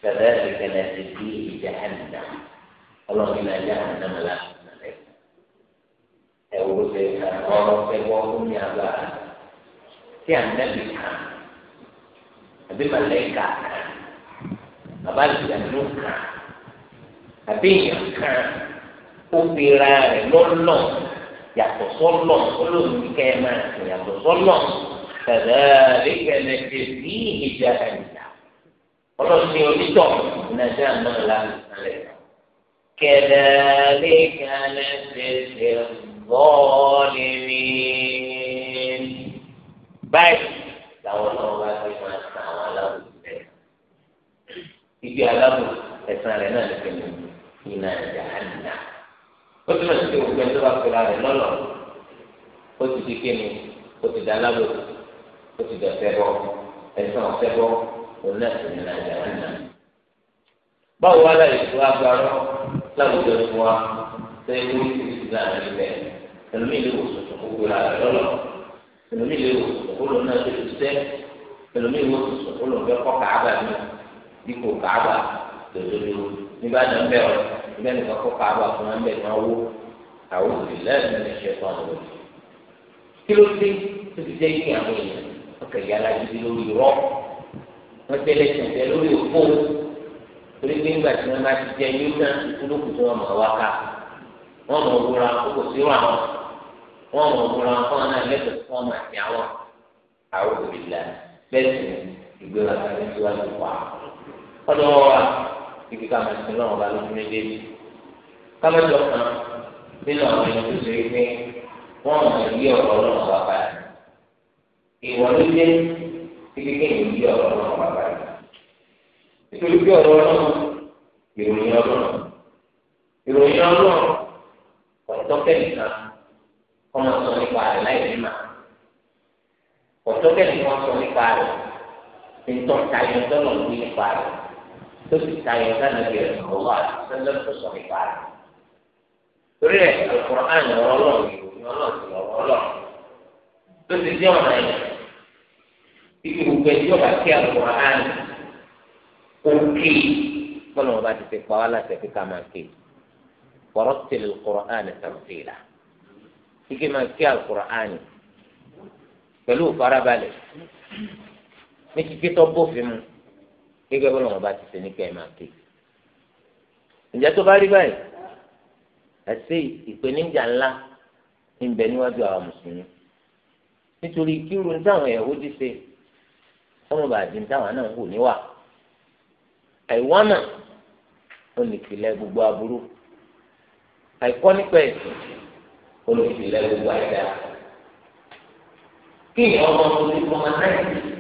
كذلك نجزيه جهنم اللهم إلى جهنم لا ملائكة أقول لك أنا أقول يا بابا كان نبي كان أبي ملائكة كان bàbá ìjànú kan àbí èèyàn kan ó fi ra rẹ̀ lọ́nà yàtọ̀ sọ́nà olóòtú kẹ́ ẹ máa sìn yàtọ̀ sọ́nà tẹ̀lé àríkẹ́lẹ́ ṣe sí ìjà àyíká ọlọ́run onítọ̀ ìnájà náà láti sálẹ̀ kẹ̀lẹ́ ṣe ṣe bọ́ọ̀lì mi báyìí làwọn ọlọ́run bá ti máa sàn àwọn aláwọ̀ ìgbé alábò ẹ̀sán rẹ̀ náà nìkan ní iná ẹ̀já àná. ó túmọ̀ sí pé gbogbo ẹni tó bá pera rẹ̀ lọ́lọ́ ó ti di kíni ó ti dá alábò ó ti dọ̀tẹ́ bọ́ ẹ̀sán ọ̀tẹ́ bọ́ òun náà sì ní ẹ̀já àná. báwo wá láyé tó agbárọ́ láwùjọ fún wa ṣé ewu ti ti náà rí bẹ́ẹ̀ ẹlòmí lè wò sùn kó pera rẹ̀ lọ́lọ́ ẹlòmí lè lè wò sùn kó lòun dípò káàbà lòdòdò nígbàdàn bẹ́ẹ̀ ọ bẹ́ẹ̀ nìkan kó káàbà fún wọn bẹ́ẹ̀ náà wó àwọn òbílẹ̀ ní ṣe fún àwọn òbí. kí ló dé tó ti jẹ́ kí àwọn èèyàn ọkọ̀ ìyára gidi lórí rọ́ wọ́n tẹ́lẹ̀ tẹ̀lẹ̀ lórí òfò torí pé nígbà tí wọ́n bá ti jẹ yóò náà ìkúlókù tí wọ́n mọ̀ wá ká wọ́n mọ̀ wúra kókò sí wà wọn wọ́n mọ̀ wúra fún ọ̀nà ẹlẹ́tọ̀ fún ọmọ àti àwọn àwọn òbílẹ̀ bẹ́ẹ̀ sì ìgbéra ká ọdọ wa ibi ká máa sin lọ́wọ́ bá lójú méjèèjì ká máa jọ kan nínú àwọn ẹni tó ṣe pé wọ́n máa yí ọ̀rọ̀ lọ́wọ́ bá báyìí ìwọ ló dé ibi kéèyàn yí ọ̀rọ̀ lọ́wọ́ bá báyìí nítorí pé ọ̀rọ̀ lọ́wọ́ ìròyìn ọlọ́run ìròyìn ọlọ́run ọ̀tọ́ kẹ́nìkan ọmọ sọ nípa rẹ̀ láì ní mà ọ̀tọ́ kẹ́nìkan sọ nípa rẹ̀ ní tọ́ta ẹni tọ́lọ̀ ní nípa rẹ̀. تثبت عيادة النبي صلى الله عليه وسلم في الصحيح عنه تريد القرآن يرى الله يرى الله يرى الله تثبت يوم عينه ibi gbogbo ẹjọ́ bá kí alukur'an kó kí bọ́lá wọn bá ti fi pa wá láti fi ká máa kí kọ́rọ́ tẹ̀lé alukur'an tẹ̀lé ike máa kí alukur'an pẹ̀lú farabalẹ̀ ní kíkí tó bófin mu gẹ́gẹ́ bọ́lá wọn bá ti ṣe ní kẹ́ ẹ máa ké ǹjẹ́ tó bá rí báyìí àti ìpèníjà ńlá ń bẹ níwájú àwọn mùsùlùmí nítorí kíru ní táwọn ẹ̀yàwó ti ṣe ọmọ bàdí ní táwọn náà ń hù níwà àìwámà ó ní ìpìlẹ̀ gbogbo aburú àìkọ́ nípa ẹ̀sìn ó ní ìpìlẹ̀ gbogbo àìdá kí ìyá ọmọ tó ti fún náà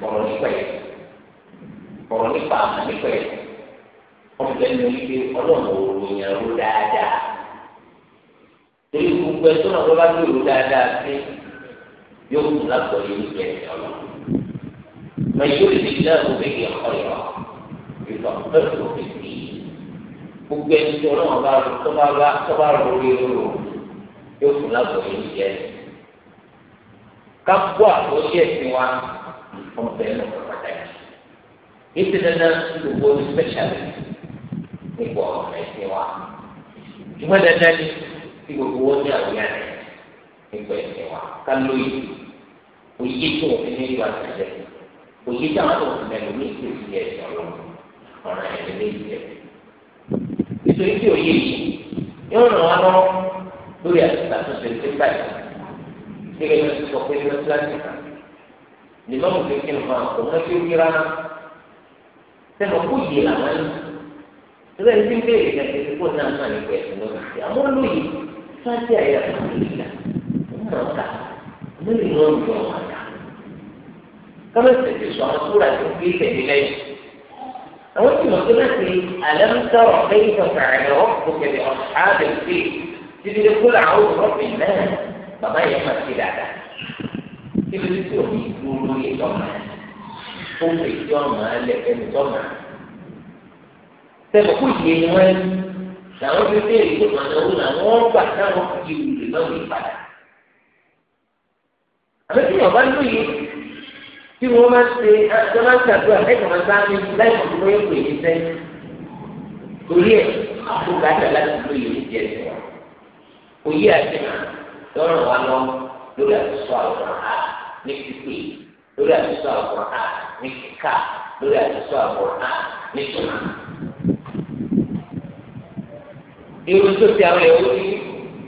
ọ̀rọ̀ nípa ẹ̀sìn ọ̀rọ̀ nípa àmà nípa ẹ̀ ọ̀bẹ ní wípé ọlọ́run òru yẹn ro dáadáa torí gbogbo ẹ̀ tó náà lọ́ba tó ro dáadáa sí yóò kù látọ̀ yìí nípa ẹ̀ ọ̀lọ́ mà yóò lè ní náà kó bẹ́ẹ̀ ọ̀kọ́ yọ ìfọ̀ bẹ́ẹ̀ tó fi sí gbogbo ẹ̀ tó náà bá tọ́ba bá tọ́ba ro yẹn ro yóò kù látọ̀ yìí nípa ẹ̀ ká kó àkóṣe ẹ̀sìn wa ọ̀bẹ náà ètò dandan gbogbo olùsipẹ́sàlì nípa ọ̀nà ẹ̀sìn wa ìmọ̀ dandan ni kí gbogbo wọn ní àwòyá rẹ̀ nípa ẹ̀sìn wa ká lóye òye tó wọn fi ní ìlú àtẹ̀lẹ́ òye tó àwọn ọ̀nà mẹ́lò ní ìlú ìlú ẹ̀sìn ọ̀rọ̀ ọ̀nà ẹ̀sìn ní ìlú ẹ̀sìn. nítorí tí òye yìí yóò ràn wá lọ́wọ́ lórí àtúntà tó ṣe ṣe báyìí gẹ́gẹ́ bí sọ pé ní wọ́n ti láti kà sẹ́nu kú yìí làwọn ní ìṣẹ̀lẹ̀ ní bíi béèrè kẹ́kẹ́ tí kò náà máa ní pẹ̀ ẹ̀sìn lọ́wọ́ sí àmọ́ lóye sáńtì àyè àtàkùnrin mọ̀ ká lórí náà ń yọ̀ wá ká kámẹ́sì ti sọ àwọn kúrò àti gbé tẹ̀lé lẹ́yìn àwọn tí wọ́n ti láti àlẹ́mùsọ̀rọ̀ lẹ́yìn tọ̀tà ẹ̀rọ òkèlè ọ̀hábẹ̀ sí títí dé kúrò àwọn òrọ́bì náà bàbá yẹn máa ti dáadáa kí ló dé tí òun ìlú olóyè lọ́mọ yẹn. tó fi tí ọmọ alẹ ẹni tó mọ sẹpọ kó ìyè ni wọn làwọn fi béèrè tó mọ náwó làwọn gbà táwọn fi tí wọn bá lóye tí wọn máa ṣe àti wọn máa ṣàdúrà lẹ́yìn wọn bá mi láì mọ tó èyí sẹ ẹ láti wọn òye àti lórí àtúnṣe àwòrán ní kíkà lórí àtúnṣe àwòrán ní kíkà. irun tó ti àwọn ẹ̀wọ́ yìí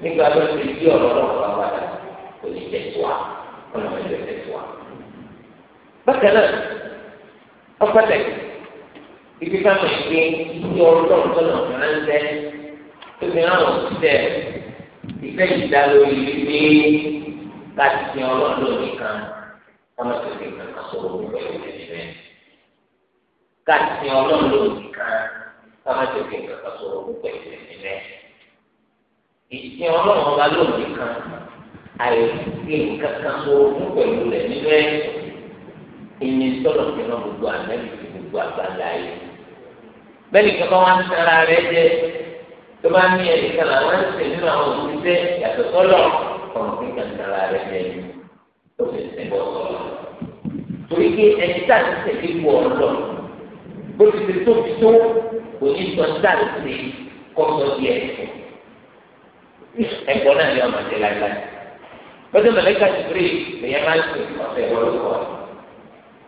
nígbà tó ti di ọ̀rọ̀ lọ́wọ́ padà kò ní jẹ́ tó a ọ̀nà ìjọ jẹ́ tó a. bákan náà ọ̀pẹ̀tẹ̀ ibi káwọn ìgbé ìdí ọlọ́run tó lọ fún ẹ̀ńtẹ́ tó fi hàn wọ́n ti tẹ̀ ìfẹ́ ìdá lórí ilé láti fi ọlọ́run lónìí kan kọ́mọ̀ tó fi kankan sọ̀rọ̀ nípa ìwé ìfẹ́. káàtì ọlọ́run ló ń kan kọ́mọ̀ tó fi kankan sọ̀rọ̀ nípa ìwé ìfẹ́. ìsìn ọlọ́run ọba ló ń kan àìsí kankan sọ̀rọ̀ nípa ìwé ìfẹ́. ìní sọ̀rọ̀ fi hàn gbogbo ànábì fi gbogbo àgbàlá yìí. bẹ́ẹ̀ni kankan wá ń sara rẹ jẹ tó bá ní ẹ̀ka làwọn ń sè nínú àwọn òṣìṣẹ́ yàtọ̀ sọ́lọ̀ ọ̀rọ̀ kíkan rẹ jẹ yìí. 都是那个。torí pé ẹni tá a ti tẹ̀lé wọ ọ̀dọ̀ bó ti ti tóbi tó kò ní sọ tá a ti kọ́kọ́ di ẹ̀sìn ẹ̀kọ́ náà ni ọmọ ti láéláé lọ́jọ́ mẹ̀lẹ́kà jìbìrì lèyẹn máa ń sè ọ̀sẹ̀ ìwọ́lùkọ́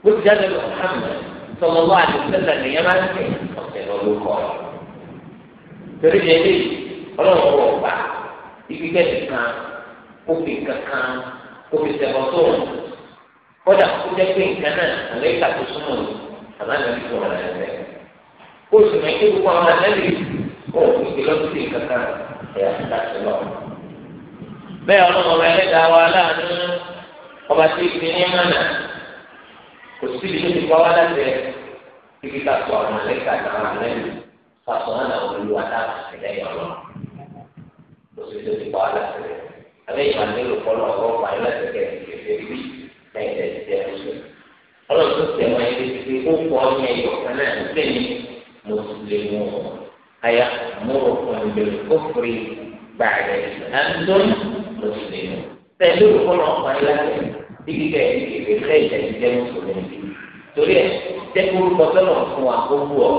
bó ti jáde lọ Muhammad sọlọ wà á ti sẹ́lẹ̀ máa ń sè ọ̀sẹ̀ ìwọ́lùkọ́ torí ní ẹbí ọlọ́run wọ̀ ọ̀gbà ibi kẹ́sì kan kófì kankan kófì sẹ̀kọ̀ sóòrùn kódà kó jẹ́ pé nǹkan náà àlẹ́ ìtàkó súnmọ́ ni àbájá ti fún ọ̀rọ̀ ẹ̀rẹ́ kó o sì mọ̀ ike gbogbo àwọn àtẹ́lẹ̀ kó o fi lọ́dún sí kankan ẹ̀yà síta sí lọ. bẹ́ẹ̀ ọlọ́run ọba ẹlẹ́dàá wa láàánú ọba tí ìpín ní mọ́nà kò síbi tó ti pa wá láti ẹ̀ kíkí ká sọ àwọn àlẹ́ ìtàkó àwọn àlẹ́ ká sọ wọn àwọn olùwà táwọn ọlọ́run kò síbi tó ti kọ́ lẹ́yìn tẹ̀sí tẹ̀ ọ̀sẹ̀. ọlọ́run tó tẹ̀ wọ́n yẹn ti ó kọ́ ọ̀yẹ́ ìyọ̀kan náà lé ní mùsùlùmí àyà múrò ọ̀nbẹ̀rẹ̀ kófìrí bàrẹ̀ ẹ̀ńdọ́n mùsùlùmí. tẹ̀lé òkúrò ọ̀pọ̀ ayé láti ibi kẹ̀ ìkéde lẹ́yìn tẹ̀sí tẹ̀ mùsùlùmí. torí ẹ̀ jẹ́ kó orúkọ tọ́lọ̀ fún wa kó wú ọ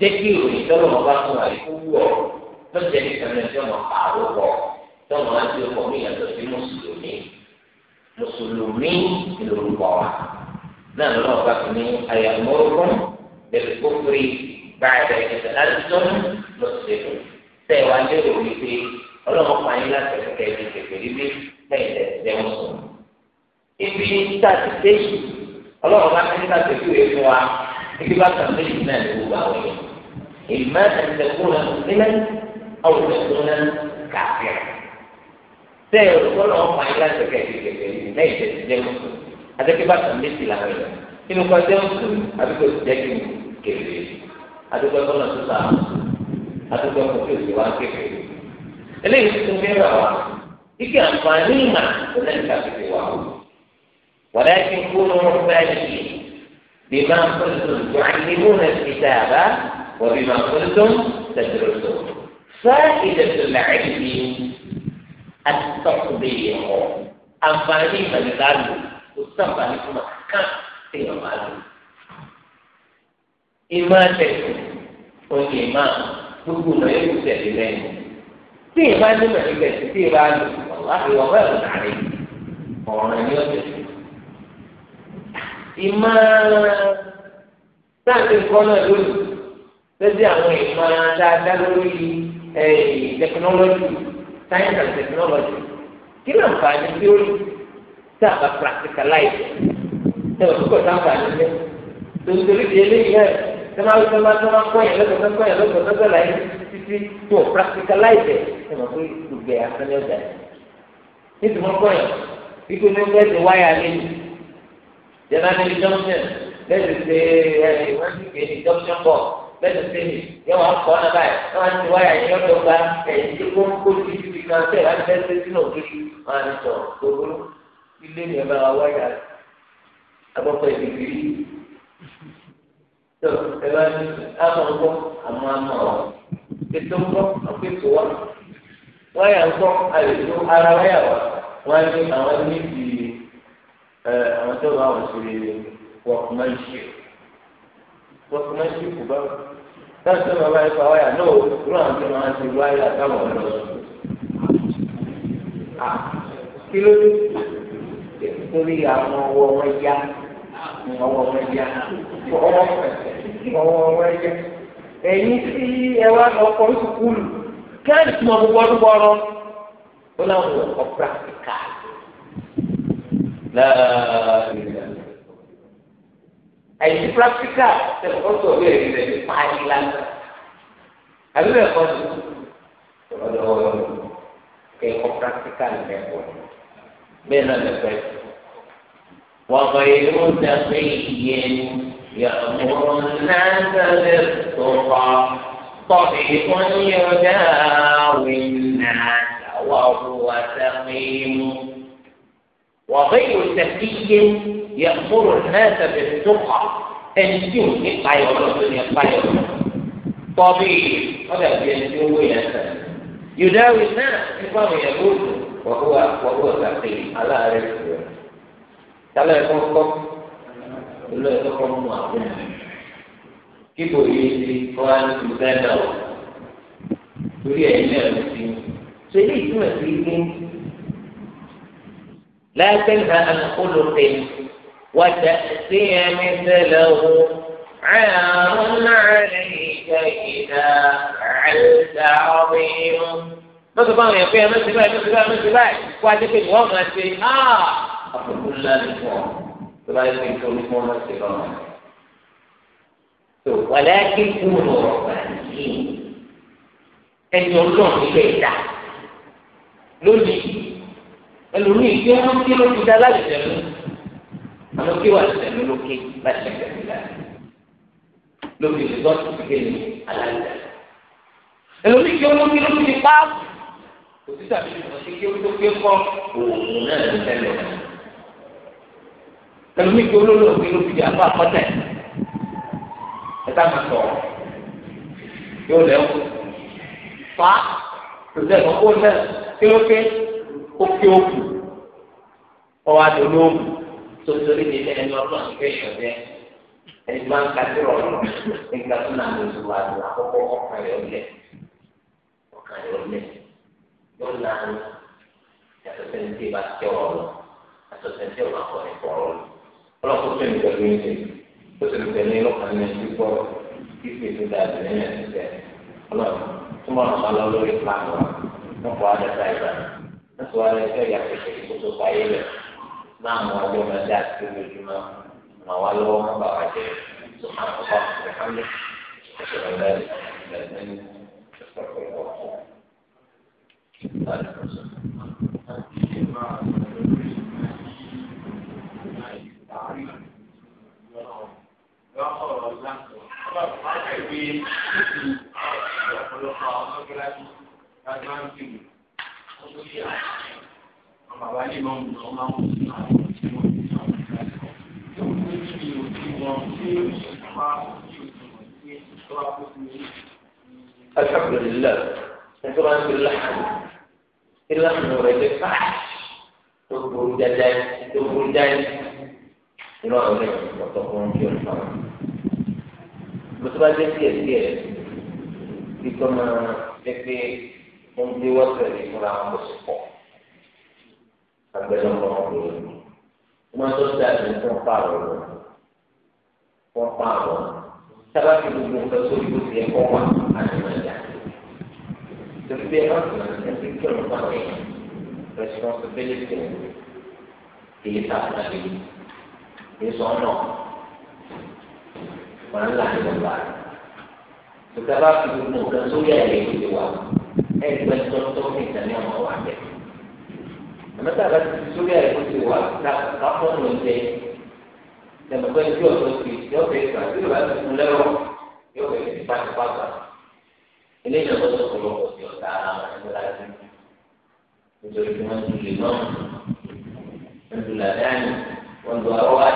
jẹ́ kí ìròyìn tọ́lọ̀ bá fún wa kó wú ọ lọ́jọ́ ìkànnì ọ̀sẹ̀ wọn pààrọ̀ pọ̀ tọ́lọ̀ wá sí ọkọ̀ mí yàtọ̀ sí mùsùlùmí mùsùlùmí lórúkọ wa náà lọ́wọ́ bá fi ní ayàmọ́rọ́kọ́ bẹ̀rẹ̀ kókiri gbàdé ẹ̀sẹ̀ alùsọ́nù lọ́sẹ̀kù tẹ̀ wá lérò wípé ọlọ́mọ kan yín láti ẹ̀kẹ́ ẹ̀dí kékeré bí lẹ́yìn ẹ̀sẹ̀ ń sùn. ibi tá a ti dé yìí ọlọ́run bá ti ní ká tẹ̀sí rẹ̀ fún wa ibi bá kàn méjì náà ló wù àwọn yẹn. ìmọ̀ ẹ̀sẹ̀ kúrò náà nílẹ̀ ọ̀rùn ẹ̀sẹ̀ kúrò náà kàfíà tẹ ẹ lọ́nà ọ̀pá yín láti kẹ̀ kẹ̀kẹ́ lẹ́yìn tẹ̀ ti jẹ́ mùsùlùmí adékè bá tàn méjì làwọn yẹn inú kan jẹ́ mùsùlùmí àbí kò jẹ́ kí mù kéré adékè lọ́nà tó sà adékè kò tó lè wá kéré eléyìí tuntun bí ra wa ike àǹfààní ìmà lọ́nà ìta fi ti wà o wàlẹ́ kí n kúrò wọn fẹ́ yìí bí máa ń pèsè tó àìníwó náà ti tẹ̀ àbá wọ́n bí máa ń pèsè tó tẹ̀ atitọ́kùnrin ẹ̀họ́ àǹfààní ìmọ̀lẹ́lá lò kò sábàáni fún wa kán tí èèyàn máa lò. ìmọ̀ àtẹ̀sìn òye máa gbogbo ọ̀nà yóò kú tẹ̀lé lẹ́nu. tí ìbá ní mọ̀lẹ́lá ẹ̀sìn tí ìbá lò láti wọ́n bẹ́ẹ̀ rẹ̀ ọ̀ràn ni ó tẹ̀sí. ìmọ̀ sáǹtì nǹkan lónìí lọ́sí àwọn ìmọ̀ dáadáa lórí tẹkinọ́lọ́jì science and technology kí ló ń fa ní theory tá a bá practicalize ẹ wọ́n kúkọ̀ tá a fa ní ilé tòlítòlí di eléyìí ẹ̀ tẹ́ máa tẹ́ máa tẹ́ máa kọ́ yẹn lọ́kọ̀ọ́ kọ́ yẹn lọ́kọ̀ọ́ tọ́tọ́ là yẹn títí tó practicalize ẹ̀ ẹ mọ̀ pé gbogbo ẹ̀ asán ọjà yẹn nítorí wọ́n kọ́ yẹn ikú ní ọgbẹ́ ti wáyà lẹ́yìn jẹ́nà ní junction lẹ́yìn ṣe ẹ̀ wọ́n ti gbé ní junction lẹ́nu sẹ́yìn yẹn wọ́n kọ́ ọ́nà báyìí wọ́n ti wáyà yẹn lọ́dọ̀ gba ẹ̀yìn tí wọ́n kó ti fi kan sẹ́yìn wọ́n ti fẹ́ sínú òkúti wọ́n á ní sọ ilé ni ẹ bá wáyà agbọ́pọ̀ ìdìbò yìí tó ẹ bá ní àmọ́ ńkọ́ àmọ́ àmọ́ ọ̀ ètò ńkọ́ wáyà ńkọ́ ara wáyà wa wọ́n ní àwọn níbi àwọn tó bá wọn ṣe wọ́pọ̀ láti sọ bàbá yẹn fàwáyà náà irú àwọn tí wọn ti wáyé àtàwọn ọ̀rọ̀ kí ló dé torí àwọn ọwọ́ wọn yá ọwọ́ wọn yá ọwọ́ wọn yá ẹ̀yin tí ẹ wá lọ kọ́ sùkúlù káàdì tí mo mú wọ́n gbọ́rọ́ ó láwọn ọ̀pọ̀ pàtìkà láàárín àìsí pírátíkà tẹ̀síkọ́tò ọ̀gbẹ́ rẹ̀ rẹ̀ ní pààyè lánàá. àbúrò ẹ̀kọ́ ti ọ̀dọ̀ ẹ̀kọ́ pírátíkà lẹ́kọ̀ọ́ bẹ́ẹ̀ náà lẹ́kọ̀ọ́ ẹ̀kọ́. wọ́n kọ́ ilé wọn ti àgbẹ̀ ìyẹ́ yàtọ̀ náà lẹ́sẹ̀ tó kọ́ tọ́bi ìfọ́nyẹ́ ọ̀dà àwìn náà wà wọ́n wá sẹ́wìn mú. وغير ذكي يأمر الناس بالتقى انسيون يطعي ورسل يطعي طبيب هذا ينسيون وينسل يداوي الناس كفار يقول وهو وهو ذكي على رزقه تعالى يقول لكم قل لكم ما أقول كيف يجي قرآن مبادر تريد أن يجي المسلمين سيدي كما تريدين لا تنهى عن خلق وتأتي مثله عار عليك إذا فعلت عظيم ما تبغى يا فيها ما تبغى ما تبغى ما تبغى ولكن كونوا ربانيين ان يرضون بكيدا لولي ẹlòmíì gbé wọn kí ló fi dá láti tẹ̀lé àwọn kí wà tẹ̀lé lókè láti tẹ̀lé láti lókè lè gbọ́ tó kéde ní aláìsàn ẹlòmíì gbé wọn kí ló fi pa òtí tàbí ìfọ̀sí kí ó tó gbé kọ́ òògùn náà ló tẹ̀lé ẹlòmíì gbé wọn lókè ló fi dá fún akọ́tẹ̀ ẹ̀ta máa yóò lẹ́wọ̀ fa òtí ẹ̀kọ́ kó lẹ́ ó kí ó kù ọwọ́ àti olóògùn tó torí ní ilé ẹni ọdún àti kéèyàn jẹ ẹni máa ń ka sí ọ̀rọ̀ nígbà tó náà lè lu àdùn àkọ́kọ́ ọkàn yọ lẹ̀ ọkàn yọ lẹ̀ yóò náà ní yàtọ̀ sẹ́ni tí ìbá ti ọ̀rọ̀ lọ yàtọ̀ sẹ́ni tí ìbá kọ̀ ẹ̀kọ́ ọ̀rọ̀ lọ ọlọ́kọ̀ tó ní pẹ̀lú ní ṣe tó sì ní pẹ̀lú ọkàn ní ẹni gbọ́ kíkì tó dáa jù nínú ẹ̀sìn tẹ̀ ọlọ́run tó mọ̀ ọ́n lọ lórí pàtó wọn kọ́ adẹ́ta ìbàdàn láti wá lọ ẹjọ́ ìyàtọ̀ ìṣẹ̀lẹ̀ kó tó fàyè rẹ̀ náà mú ọjọ́ ọmọ ẹ̀dá àti ojoojúmọ́ mà wá lọ́wọ́ má bà wá jẹ́ tó máa ń kọ́ ìrẹ̀kámẹ́ ìṣẹ̀lẹ̀ ọ̀dọ́ ìṣẹ̀lẹ̀ ní ìṣẹ̀lẹ̀ Thank you lórí rà àwọn bàbá lè máa ń lọ máa ń wò sí àwọn tí wọ́n ti sọ àwọn ìgbà tó tó ń gbé níbi òbí wọn tí ó ń pa ojú ìwọ̀n tí ó tó wá kó sí i. alhamdulillah nítorí wọn ti láàánú kí láàánú rẹ lè fà tó burú dáadáa tó burú dáadáa irú àwọn ọ̀rẹ́ ọ̀tọ̀ fún kí ó fà wọn. mo tó bá dé díẹ̀ díẹ̀ bí kò máa pépé wọ́n gbé wọ́sẹ̀ yìí fúnra wọn bó sì pọ̀ agbẹ́lẹ́ ọ̀pọ̀ ọ̀pọ̀ lónìí wọ́n tó ti àti ní fún pààrọ̀ lọ fún pààrọ̀ sábà fi gbogbo nǹkan sórí bó ti yẹ kọ́ wà àti máa yà torí bí ẹ bá tún àti ẹni tí ọ̀rọ̀ bá wẹ̀ responsibility èyí tá a máa lè èyí sọ ọ́nà wàhálà ìjọba tó sábà fi gbogbo nǹkan sórí àyè ìwà wọn ẹgbẹ́ tuntun ní ìtàní ọmọ wa bẹ̀. àmọ́tà bá ti sórí àìkú ti wà káfọ́nù ọ̀jẹ́ tẹ̀mọ̀gbẹ́ tí ọ̀tọ̀ ti yọ fẹ́ gbà tí ìbá ti fún lẹ́rọ yọ fẹ́ fi pátápátá. eléyìí ọ̀tọ̀ tó kọ̀ lọ́kọ̀ sí ọ̀tá ara wọn ní láti nítorí tí wọ́n ti lè náà wọ́n ti là dáàni wọ́n lu àwọ̀ wá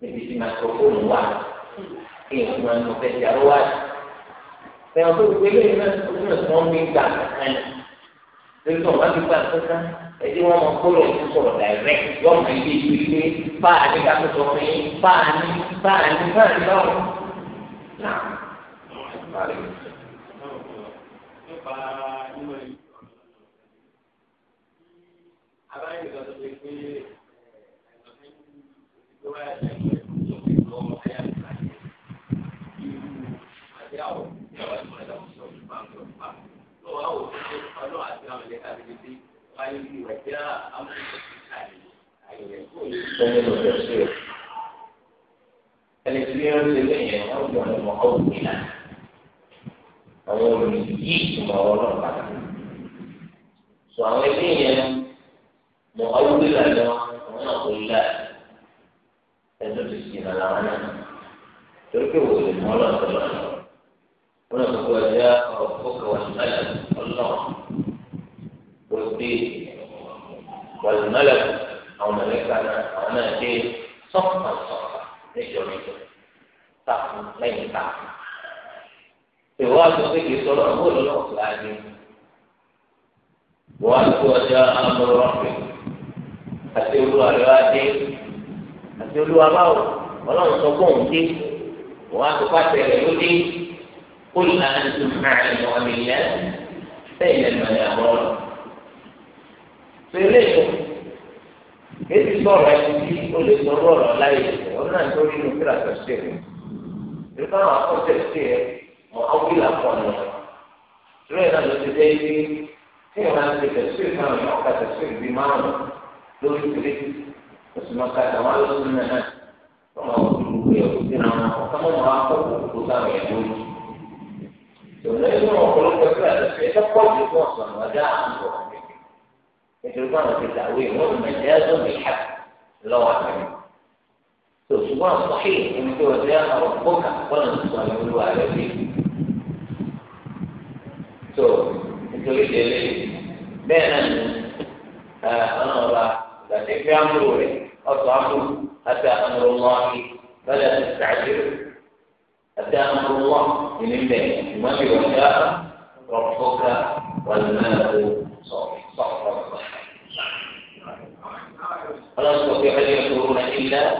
níbi tí màkrófóònù wà kí èèyàn máa ń lọ fẹ́ ti àwọ̀ wá sí ẹ̀yàn tó gbé lé iná ojúmọ̀ tí wọ́n gbé gbà kankan ní lórí tó wọ́n ti gbà kankan ẹ̀dí wọn mọ kóló ń sọ̀rọ̀ direct yọ ọmọ ilé ìlú ilé fáà ní ká tó sọ fún yín fáà ní fáà ní fáà ní báwọn. Àbáyé ìgbà أو قالوا عزام لأبدي قال وجاء أمر الإسلام لديه أرجع المقومة أو من يجمع ورقة سؤالية مقولة وأنا أقول لا تدرس كما لا أنا تركوا المرأة wọn lọ sọ ẹjẹ ọ̀rọ̀ fọkà wàlúmọlẹ Ọlọ́run òde wàlúmọlẹ àwọn mẹlẹka náà àwọn náà dé sọfà sọfà níjọba ìjọ tààfù lẹ́yìn tààfù ìwọ àti òkèké sọlọ ọgbọ lọlọ fúlàní wọn àti ọjà amúrọfẹ àti olúwa dé àti olúwa Ọlọ́run sọ fún òun dé wọn àti pàṣẹ rẹ ló dé. قل أأنتم أعلم أم الله بين المنابر فإليكم èyí sọ̀rọ̀ ẹni tí o lè sọ̀rọ̀ ọ̀rọ̀ láyé ẹ̀ ọ̀rọ̀ náà tó nínú kíra tẹ̀sí rẹ̀ nípa àwọn akọ́tẹ̀ sí ẹ̀ mọ awúlà pọ̀ nù ẹ̀ rẹ̀ náà ló ti dé ibi tí ìwọ̀n àti tẹ̀sí rẹ̀ náà yọ̀ ọ́kà tẹ̀sí rẹ̀ bíi márùn lórí kiri oṣù mọ́ka àwọn alóṣù náà náà wọ́n máa wọ́n ti rú ẹ̀ òkú sínú àwọn ọ̀kọ́ mọ́ L'unismo comunque credo che se poi si possono già ancora perché quando si تعويل هو مجاز بالحق لو عمل سواء صحيح ان توزيع ربك ولا تصلي على فيه تو nítorí délé bẹ́ẹ̀ náà ni ọ̀nà ọ̀la gbàdé fi àmúlò rẹ̀ ọ̀tọ̀ àmúlò àti àmúlò wọn kí lọ́dẹ̀ ti sàájú أتى الله من الله وما في يشاء ربك والماء صفرا فلا يستطيع أن يكفرون إلا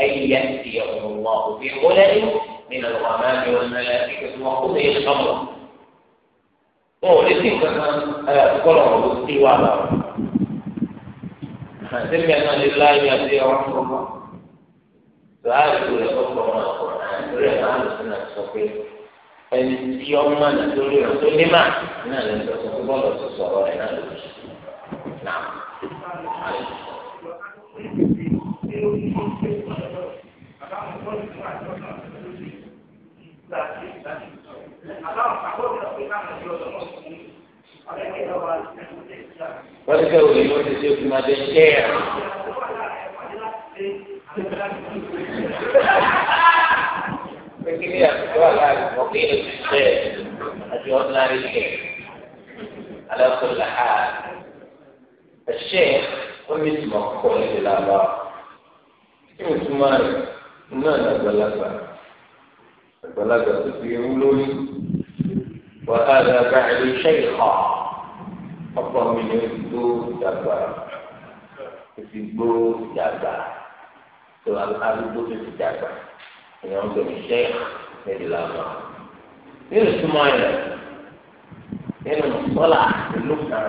أن يأتيهم الله في غلل من الغمام والملائكة وقضي الأمر هو لسيك قرر الاستواء سمعنا لله يأتي رحمه الله فهذا هو torí ẹ̀ máa lọ sí náà sọ pé ẹni tí ọmọ náà lórí rẹ̀ tó ní máa náà lè lọ sọ pé bọ́ọ̀lù ọ̀sọ̀ sọ̀rọ̀ rẹ̀ náà lórí náà. wọ́n ti kẹ́wọ́ lèyí wọ́n ti ṣe fún adé ṣẹ́ẹ̀ kékeré àtijọ́ aláàbò ọ̀gbẹ́ ìṣẹ́ àti ọ̀dúnárì ṣẹ́ alákòólà á ẹ̀ṣẹ́ omi ìtumọ̀ kọ́ níbi làbá tí mo túmọ̀ rẹ̀ náà ní àgbàlagbà àgbàlagbà tó fi ewu lórí wà á lọ bá ẹ̀rí iṣẹ́ ìkọ́ ọ̀pọ̀ mi ní gbó dàgbà ti gbó dàgbà tó alùpùpù tó ti dàgbà èèyàn ń gbèmí sẹ́yìn níbi làbà nínú túmọ̀ rẹ̀ nínú sọ́là ìlú kan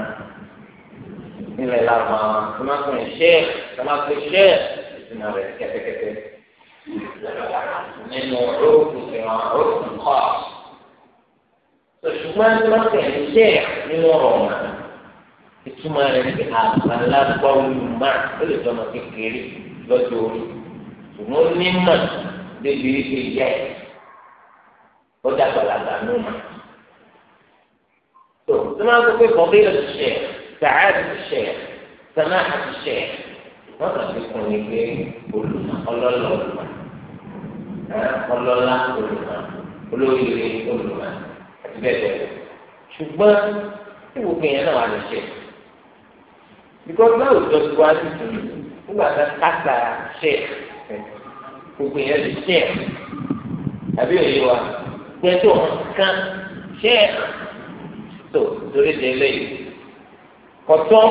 nílẹ̀ làbà tọ́mátìmọ̀ sẹ́yìn tọ́mátìmọ̀ sẹ́yìn ìtumọ̀ rẹ̀ kẹ́tẹ́kẹ́tẹ́ nínú òkú ìwọ̀n òkú kọ́ ṣùgbọ́n tọ́mátìmọ̀ sẹ́yìn nínú ọ̀rọ̀ wọn ìtumọ̀ rẹ̀ ní àgbàlagbà olùmọ̀ ó lè tọ́mọ kékeré lọ́jọ́ orí ṣùgbọ́n ó ní mọ̀ débi ike yẹ ó dàgbà làgbà nù mà tó tó máa ń pè kọ́bí ọ̀ṣẹ̀ sàá ṣẹ̀ sàmá ṣẹ̀ wọ́n tàbí kún ní pé olùmọ̀ ọlọ́lọ́ olùmọ̀ ọlọ́lá olùmọ̀ olóyèrè olùmọ̀ àti bẹ́ẹ̀ bẹ́ẹ̀ ṣùgbọ́n ìwòkè yẹn náà wà lọ ṣe bíkọ́ báwo jọ ti wá sí ìlú nígbà tá a kásá ṣe ẹ̀ gbogbo yẹn lè ṣe ẹ̀ àbí òye wa gbẹ́tò kan ṣe ẹ̀ tó torí de lẹ́yìn kọ̀tọ́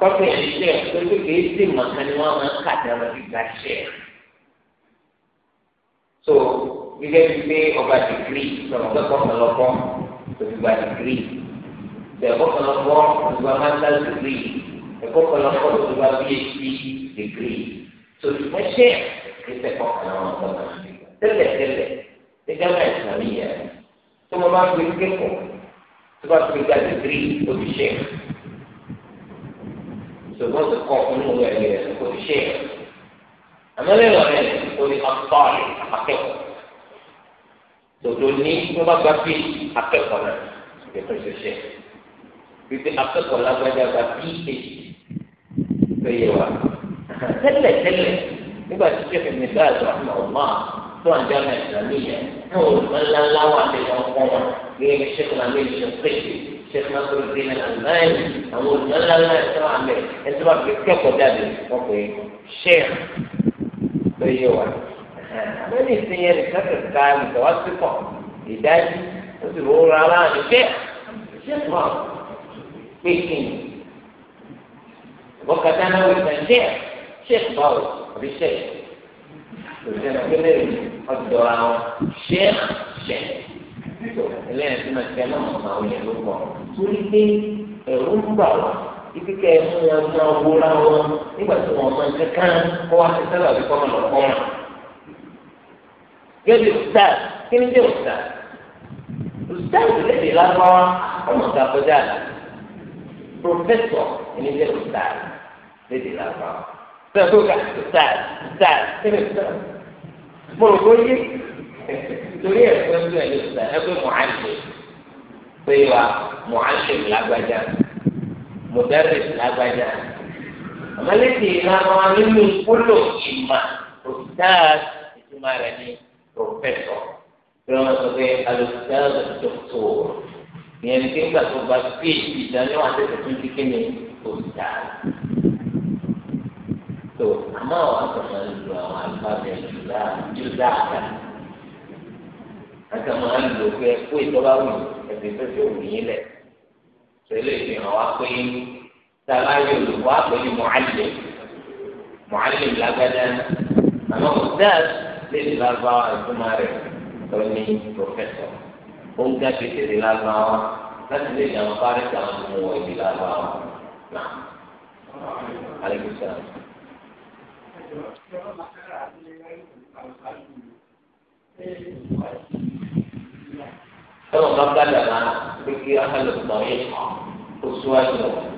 kọ́tọ́ yẹn lè ṣe ẹ̀ torí pé kìí ṣe màkà ni wọ́n máa ń kà dára gbígbà ṣe ẹ̀ tó gẹ́gẹ́ bí pé ọba dìgírì lọ́wọ́ kẹ́kọ̀ọ́ kan lọ́kọ́ dìgírì ẹ̀kọ́ kan lọ́kọ́ òdìgbà dìgírì ẹ̀kọ́ kan lọ́kọ́ òdìgbà phd dìgírì tó ṣùgbọ́n ṣe ẹ̀ ìṣe kọkànlá wọn kọkànlá tẹ́lẹ̀ tẹ́lẹ̀ ẹgbẹ́ náà ìsàmì yẹn tí mo máa ń gbé kékòó tí wọ́n ti gba dìgírì òbíṣẹ́ ṣùgbọ́n ti kọ́ fún mi wẹ̀ ní ẹ̀sìn òbíṣẹ́ àmọ́ lẹ́nu ọ̀rẹ́ oní ọ̀tọ́ọ̀lì akẹ́kọ̀ọ́ tòtò ní wọ́n bá gba bí akẹ́kọ̀ọ́ náà ètò ìṣẹ̀ṣẹ̀ wípé akẹ́kọ̀ọ́ lágbájá gba bí èyí tó yẹ wa tẹ́lẹ̀ tẹ́lẹ̀ nígbà tí sèkè nígbà tó àmọ́ ọmọ tó ń jẹ́ mẹ́tìlámì yẹn ní olùmọ̀ ńláńlá wà ní ọkọ wọn gẹ́gẹ́ bí sèkè náà lẹ́yìn ṣe pèsè sèkè náà tó dé náà láì àwọn olùmọ̀ ńláńlá ẹ̀sẹ̀ wà mẹ́ ẹ̀sẹ̀ wà fi kẹ́kọ̀ọ́ jáde wọ́n pè é ṣẹ́ẹ̀ ló yé wa lẹ́yìn ìsìn yẹn nìkan tó ta ìtọ́wá sí pọ̀ ìdájí ó sì rọra láàrin bẹ́ẹ̀ sèkè náà pé kí ni wọ́n náà wọ́n àbí ṣe òṣìṣẹ́ ìpínlẹ̀ ọ̀dọ̀ àwọn ṣe ṣe ẹlẹ́yìn tí màá ṣe náà mọ̀ àwọn yẹn ló pọ̀ torí pé ẹ̀rú ń gbà wá ibi kẹ́ ẹ mú wọn mú owó ra wọn nígbà tí wọn máa ń kankan kó wá sí sábà bí kọ́mọ lọ kọ́ wọn. gẹ́gẹ́ òṣìṣẹ́ kí ni jẹ́ òṣìṣẹ́ òṣìṣẹ́ ìdílé lágbára ọmọ ọ̀gá kọjá àlà pòfẹ́sọ̀ sẹ́ẹ̀tù ká sáà sáà mo rò bóyé torí ẹ̀ fún ẹgbẹ́ ẹ̀ lè sà ẹgbẹ́ mọ̀hánṣe pé wa mọ̀hánṣe lágbájá mọ̀dẹ́rẹ́ lágbájá àmàlẹ́kì ìlànà nínú gbólò ìmà òṣìṣẹ́ ìtumọ̀ rẹ̀ ní pòfẹ́sọ̀ tí wọ́n sọ pé alòṣìṣẹ́ dọ̀tò ìyẹn ní kí n gbà tó gba phd ìdáníwọ̀n àti tẹ̀sán ti kéde òṣìṣẹ́ tó àmọ́ àwọn àtàwọn lu àwọn àlùfáàbẹ̀ jùlá jùlá àgbà àtàwọn àlùfáàbẹ̀ pé kó ìtọ́ba wù ẹ̀sìn fẹ́fẹ́ wù yín lẹ̀ tẹ́lẹ̀ fi hàn wá pé sábà yóò lù wá pẹ̀lú mọ̀álẹ̀ mọ̀álẹ̀ lágbádá àmọ́ dáàs lè di lárúbáwá ìtumá rẹ̀ tó ní pòfẹ́sọ̀ ó ń gá pété di lárúbáwá láti lè ní àwọn fáríkà ń mú ìdí lárúbáwá náà tọ́lọ̀ bá gbàdà náà pé kí ahàlẹ̀ tọ̀ yìí kó síwájú rẹ̀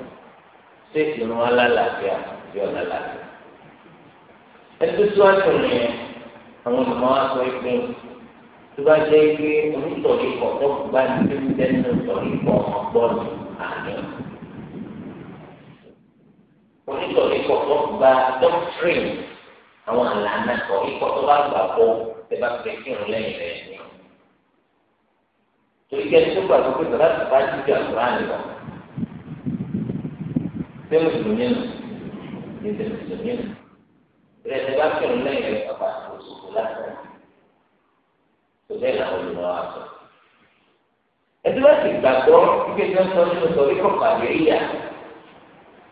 ṣé ìrún alálàáfíà yọ̀ lálàáfíà. ẹtú síwájú rẹ̀ àwọn olùmọ̀ wa sọ pé tó bá jẹ́ pé onítọ̀rí kọ̀ tó bá ní tó ń tẹ́nu tọ̀rí kọ̀ ọ̀gbọ́nù àná. onítọ̀rí kọ̀ tó bá dọ́kítírìn àwọn àlànà kọ ikọ̀ tó bá gbà kó tẹ bá fẹ́ kírun lẹ́yìn rẹ̀ ni. torí kẹ́ni tó gbàgbọ́ pé bàbá tó bá jíjẹ àkùrá nìyọ ṣé mùsùlùmí nù ní ṣe mùsùlùmí nù rẹ̀ tẹ bá kírun lẹ́yìn rẹ̀ bàbá tó sòkò lásán tó bẹ́ẹ̀ làwọn olùrọ̀ wa sọ. ẹtí bá ti gbàgbọ́ kíkẹ́ tí wọ́n sọ nínú sọ̀rí kọ̀ọ̀kan àgbẹ̀ríyà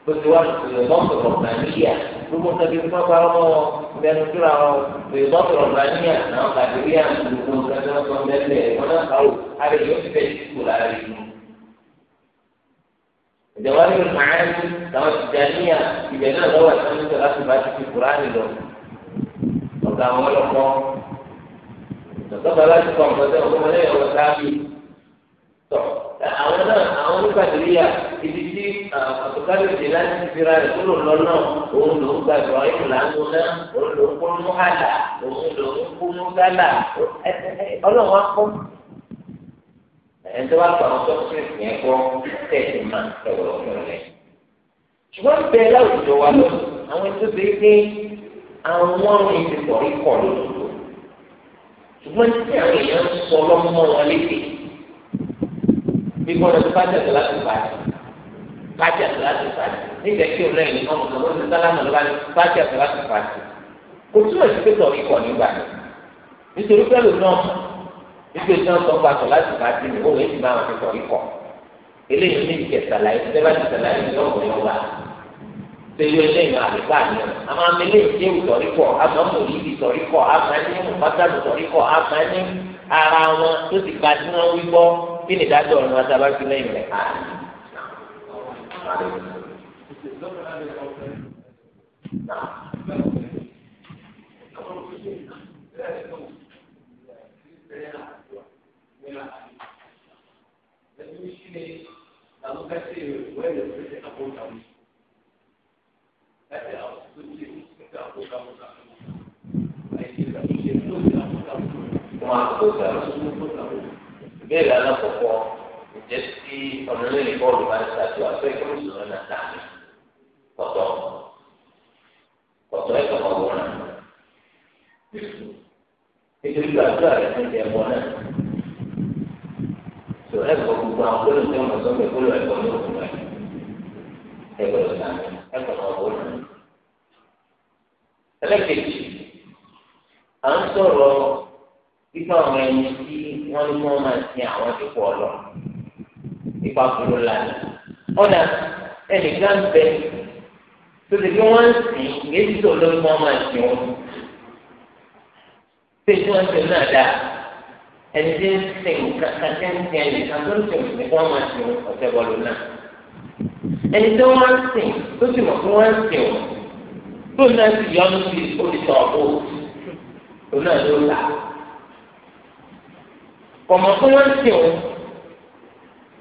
gbogbo wa lọ́sọ̀rọ̀ kọ̀ọ̀kan àgbẹ̀ríyà gbogbo nǹkan tí wọ́n bá wọ́n bẹnu síra wọn bèè bọ́ sọ̀rọ̀ bá ní àná kàdérí àná gbogbo nǹkan tí wọ́n sọ bẹ́ẹ̀ wọ́n náà kàwọ́ àrẹ yóò fi bẹ́ẹ̀ kú láàrin inú. ìjọba ní ìmọ̀ràn táwọn ti dá níyà ìbẹ̀ náà lọ́wọ́ ìtọ́jú tó láti bá ti fi kúránì lọ. ọ̀gá àwọn ọlọ́kọ́ tọ́tọ́ bá láti kọ́ nǹkan tẹ́ àwọn náà àwọn onígbàdúríyà ibi tí àtúkárì ìdè láti ti fira rẹ̀ kúrò lọ́nà òun ló ń gbàgbọ́ ayé làánú náà òun ló ń kó mú àlà òun ló ń kó mú gálà ọlọ́run á kọ́ ẹ̀ńtọ́ bá pa àwọn sọ́kùnrin yẹn kọ́ tẹ̀sí máa ń tọ̀wọ̀ ọ̀rẹ́ ṣùgbọ́n bẹ́ẹ̀ láwùjọ wa lọ àwọn tó ṣe é pé àwọn ọmọ ìdìbò ikọ̀ lọ́dọ̀ ṣùgbọ́n tí àwọn èèyàn ń sọ lọ́mọ wọn lédè bí gbọ́dọ̀ tó bá tẹ̀sán láti bá yẹn bájì àtàlásì fàájì nígbà tí o lẹ́yìn nìkan mọ̀ lọ́wọ́ ní sálámù ló bá ní bájì àtàlásì fàájì kò túmọ̀ sí pé tọ̀ ikọ̀ nígbà yẹn nítorí pẹ́lú náà nígbà tí wọ́n sọ gba àtàlásì fàájì ni òun èsì máa wọn ti tọ̀ ikọ̀ eléyìí ní ìkẹsàlà yìí tẹ́lá ti sàlà yìí ní ọ̀gbọ̀n yóò wá eléyìí máa lè bá àníyàn àmọ́ àmì eléyìí tí ewu tọ̀ríkọ̀ àmọ́ mò ń yí tọ̀ríkọ̀ àmọ́ ẹni mò ń bá kí ni ìdájọ́ ọ̀run àti abájú lẹ́yìn rẹ̀ ká. Wow ìbéèrè alákọ̀ọ́kọ́ ǹjẹ́ tí ọmọlẹ́yìn bọ́ọ̀lù bá ń ṣáájú àfẹ́ ìkọ́ ìṣòro náà tà mí kọ̀tọ́ kọ̀tọ́ ẹ̀kọ́ ọ̀wọ́ náà nítorí gbàdúrà rẹ̀ fún ìjẹ́ ẹ̀kọ́ náà tó ẹ̀kọ́ gbogbo àwọn olóòtú ọmọ sọ́kẹ́ kóló ẹ̀kọ́ ní òkú rẹ̀ ẹ̀kọ́ ló tà ẹ̀kọ́ ọ̀wọ́ à ń sọ̀rọ̀ ipa àwọn ẹni tí wọ́n ní kí wọ́n máa sin àwọn ìdìbò ọlọ́ ipa kúrò lánàá ọ̀dà ẹnìkan bẹ tó ti fi wọ́n ń sìn èyí tó lórí wọ́n máa sìn wọn tó ti wọ́n sìn náà dáa ẹni tí ń sìn kankan tí ń sìn ẹnìkan tó ń sìn ní kí wọ́n máa sìn ọ̀sẹ̀ bọ́ọ̀lù náà ẹni tí wọ́n ń sìn tó sì mọ̀ pé wọ́n ń sìn wọn tó náà sì yọ ọ́nù sí olùsọ̀ọ̀bù tó náà ló là á kọ̀mọ̀ fún wọn ti òun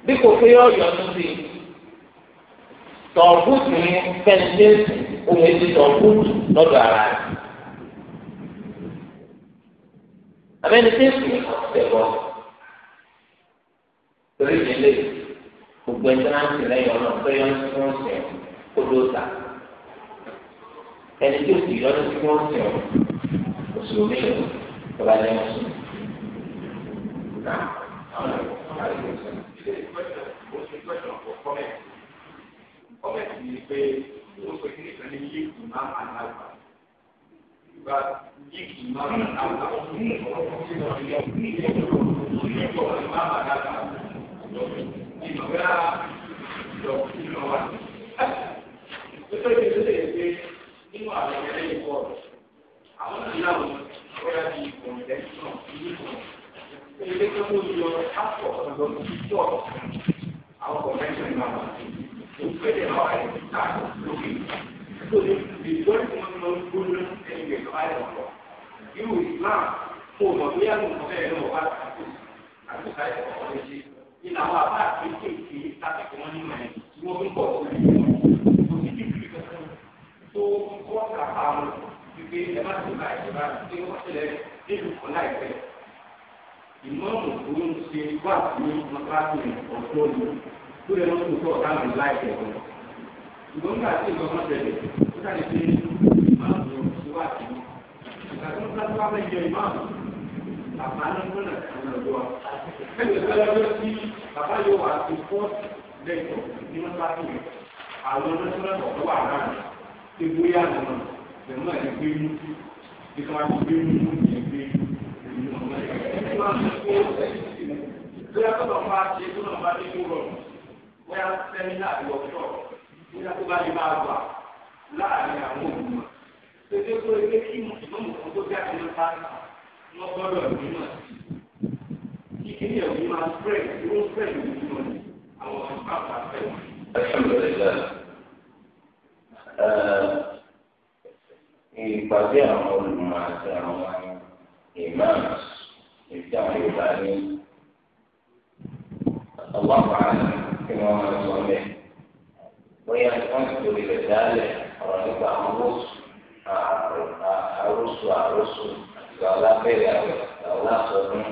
bí kò pé yọ ọ̀yọ́ tó ti tọ̀ọ̀bùtù ní pẹ́ńtẹ́ǹtì òun èdè tọ̀ọ̀bùtù lọ́dọ̀ ara rẹ̀. abẹ́ni tẹ́sí ọ̀tẹ̀bọ̀ torí ìdílé gbogbo ẹni náà ń sì lẹ́yìn ọ̀nà pé yọ ní kí wọ́n kó ló ta ẹni tó sì yọ ní kí wọ́n sẹ̀ kó sùn mí lọ tó Àwọn ìlànà ilé tó kó yọ ápọ̀ ọ̀dọ̀ tó àwọn kọ̀mẹ́ntì náà ó fẹ́lẹ̀ náà ẹ̀ ká lókè tó ní ìjọ́rí tí wọ́n ti lọ gbóná ẹ̀yìn ẹ̀ka ayọ̀ ọ̀pọ̀ irú islam kò mọ̀ bí yàgò mọ̀ bẹ́ẹ̀ lọ́wọ́ bá àti àti sáyẹ̀ ọ̀pọ̀ méjì nínú àwọn àbá àti kéèké láti fi wọ́n nínú ẹ̀ tí wọ́n fi ń bọ̀ sí ẹ̀ kò sí kíkiri kankan tó kọ́ kàkà wọn wípé ẹ má ti bá tí wọ́n ṣẹlẹ̀ nílùú kan láìpẹ́ ìmọ̀ràn tó ń ṣe wà ní mọ́tàkùn ọ̀tọ́ ni tó lè lọ́wọ́ tó ọ̀tá mi láìpẹ́ wọn. ṣùgbọ́n nígbà tí ìgbà tẹ̀lé ó dàbí pé ìmáàmù ti wà sí ìgbà tó ń bá tó wá fẹ́ yẹ ìmáàmù bàbá ní gbọ́nà àwọn ọ̀dọ́ wa. ẹgbẹ́ tó lọ́wọ́ sí bàbá yóò wá sí fọ́ọ̀tì lẹ́kọ̀ọ́ ní mọ́tàkùn àwọn ọ̀dọ́ náà ti kó bóyá tó lọ máa ṣe tó lọ máa ṣe kó rọrùn bóyá sẹ́mínà ìwọ̀sọ̀ bóyá tó bá lè máa wà láàrin àwọn olùmọ̀. Ṣèṣe tó ẹgbẹ́ kí mùsùlùmí kan tó jáde ló bá wọn gbọ́dọ̀ ìgbìmọ̀. Ìkíni ẹ̀wù máa pẹ̀lú ìdúró pẹ̀lú ìgbìmọ̀ àwọn àpapọ̀ àpẹẹrẹ. Ìpàdé àwọn olùmọ̀ àti àwọn ìmáàmù ìdí àwọn yorùbá ní ọlọ́pàá àná tí wọ́n máa ń sọ bẹ́ẹ̀ bóyá wọ́n ti torí rẹ̀ dálẹ̀ ọ̀rọ̀ nípa àwòsù àròsù àròsù àtìgbà ọlábẹ́rẹ́ àwẹ̀ ọlásọdún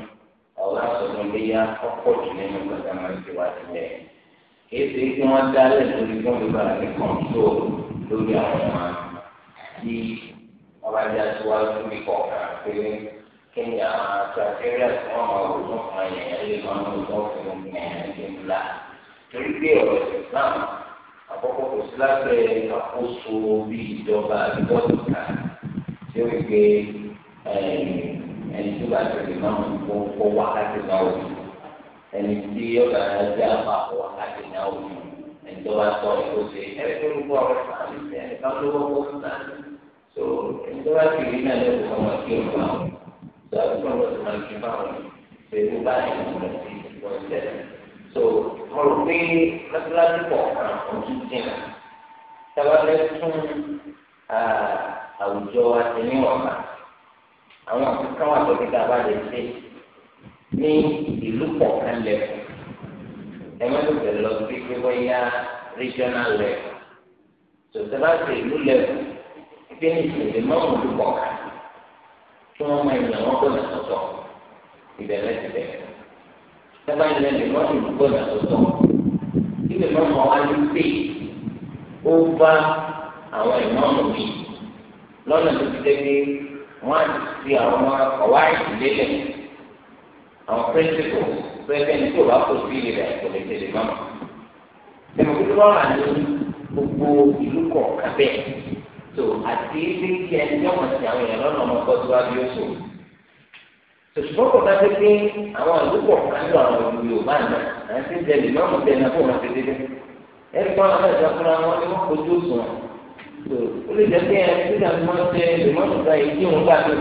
ọlásọdún léyà ọ̀pọ̀ jù nínú gbàdámà ìwádìí bẹ́ẹ̀ kìí ṣe kí wọ́n dálẹ̀ lórí fún mi bára ní kọ̀ǹtò lórí àwọn kéèyàn àtàkẹ́rẹ́ fún ọmọ òwúrọ̀ kan yẹn lè máa ń lọ fún un yẹn ní ńlá torí pé ọ̀rọ̀ islam àkọ́kọ́ kò sí lábẹ́ àkóso bí ìjọba àbíkọ́sìkà tí ó gbé ẹni tó bá tẹ̀lé máa ń kó kó wákàtí náà wò ẹni tí ó bá jẹ́ àpá kó wákàtí náà wò ẹni tó bá tọ́ ẹ̀ kó ṣe ẹni tó ń kó ọ̀rọ̀ sàn ẹni tó ń lówó kó sàn so ẹni tó bá tẹ̀lé náà lè sọ́ọ̀tù wọn lọ sí máa ń fi bá wọn pẹ̀lú báyìí wọn ti wọ́n tẹ̀lé. so mo rò pé mẹ́tíláṣí pọ̀ kan ojú jìnnà sábàbẹ́ tún àwùjọ wa ti ní ọ̀nà àwọn akẹ́kọ̀ọ́ wà lórí tá a bá lè ṣe ní ìlú pọ̀ kan lẹ́kọ̀ọ́ ẹ̀mẹ́tò tẹ̀lé lọ sí pé wọ́n yá regional level tòtẹ́ bá ṣe ìlú level pé ní ìṣẹ̀lẹ̀ mọ́ọ̀mù ló pọ̀ kan kí wọ́n máa yàn wọ́n gbọ́nà sọ̀tọ̀ ìbẹ̀rẹ̀ ti bẹ̀rẹ̀. sábà ń lẹ́nu wọ́n ti gbọ́nà sọ̀tọ̀ ibẹ̀ máa mọ wá ní pé ó bá àwọn ìmọ̀ọ́mù mi lọ́nà tó ti dé pé wọ́n á ti àwọn ọ̀wá ìdílé àwọn píríncípù pẹ́ẹ́pẹ́ ní tí o bá kó sí ilẹ̀ kò lè tẹ̀lé mọ́. Tẹ̀mọ̀kútù bá wà ní gbogbo ìlú kọ̀ọ̀kan bẹ́ẹ̀ tó àti ilé kí ẹni tí wọn ti àwọn èèyàn lọ́nà ọmọkọ tó wá bí ó sùn tòṣùpọ̀ kò dájú pé àwọn àdúgbò kan lọ àwọn ìlú yorùbá náà à ń ti jẹ lè máa mú bẹ́ẹ̀ náà fún wọn ti dédé ẹni tó wọn náà jẹ wọn ni wọn kò tó sùn tó ó lè jẹ pé ẹni tí wọn máa ń jẹ lè máa mú bá èyí wọn gbà tó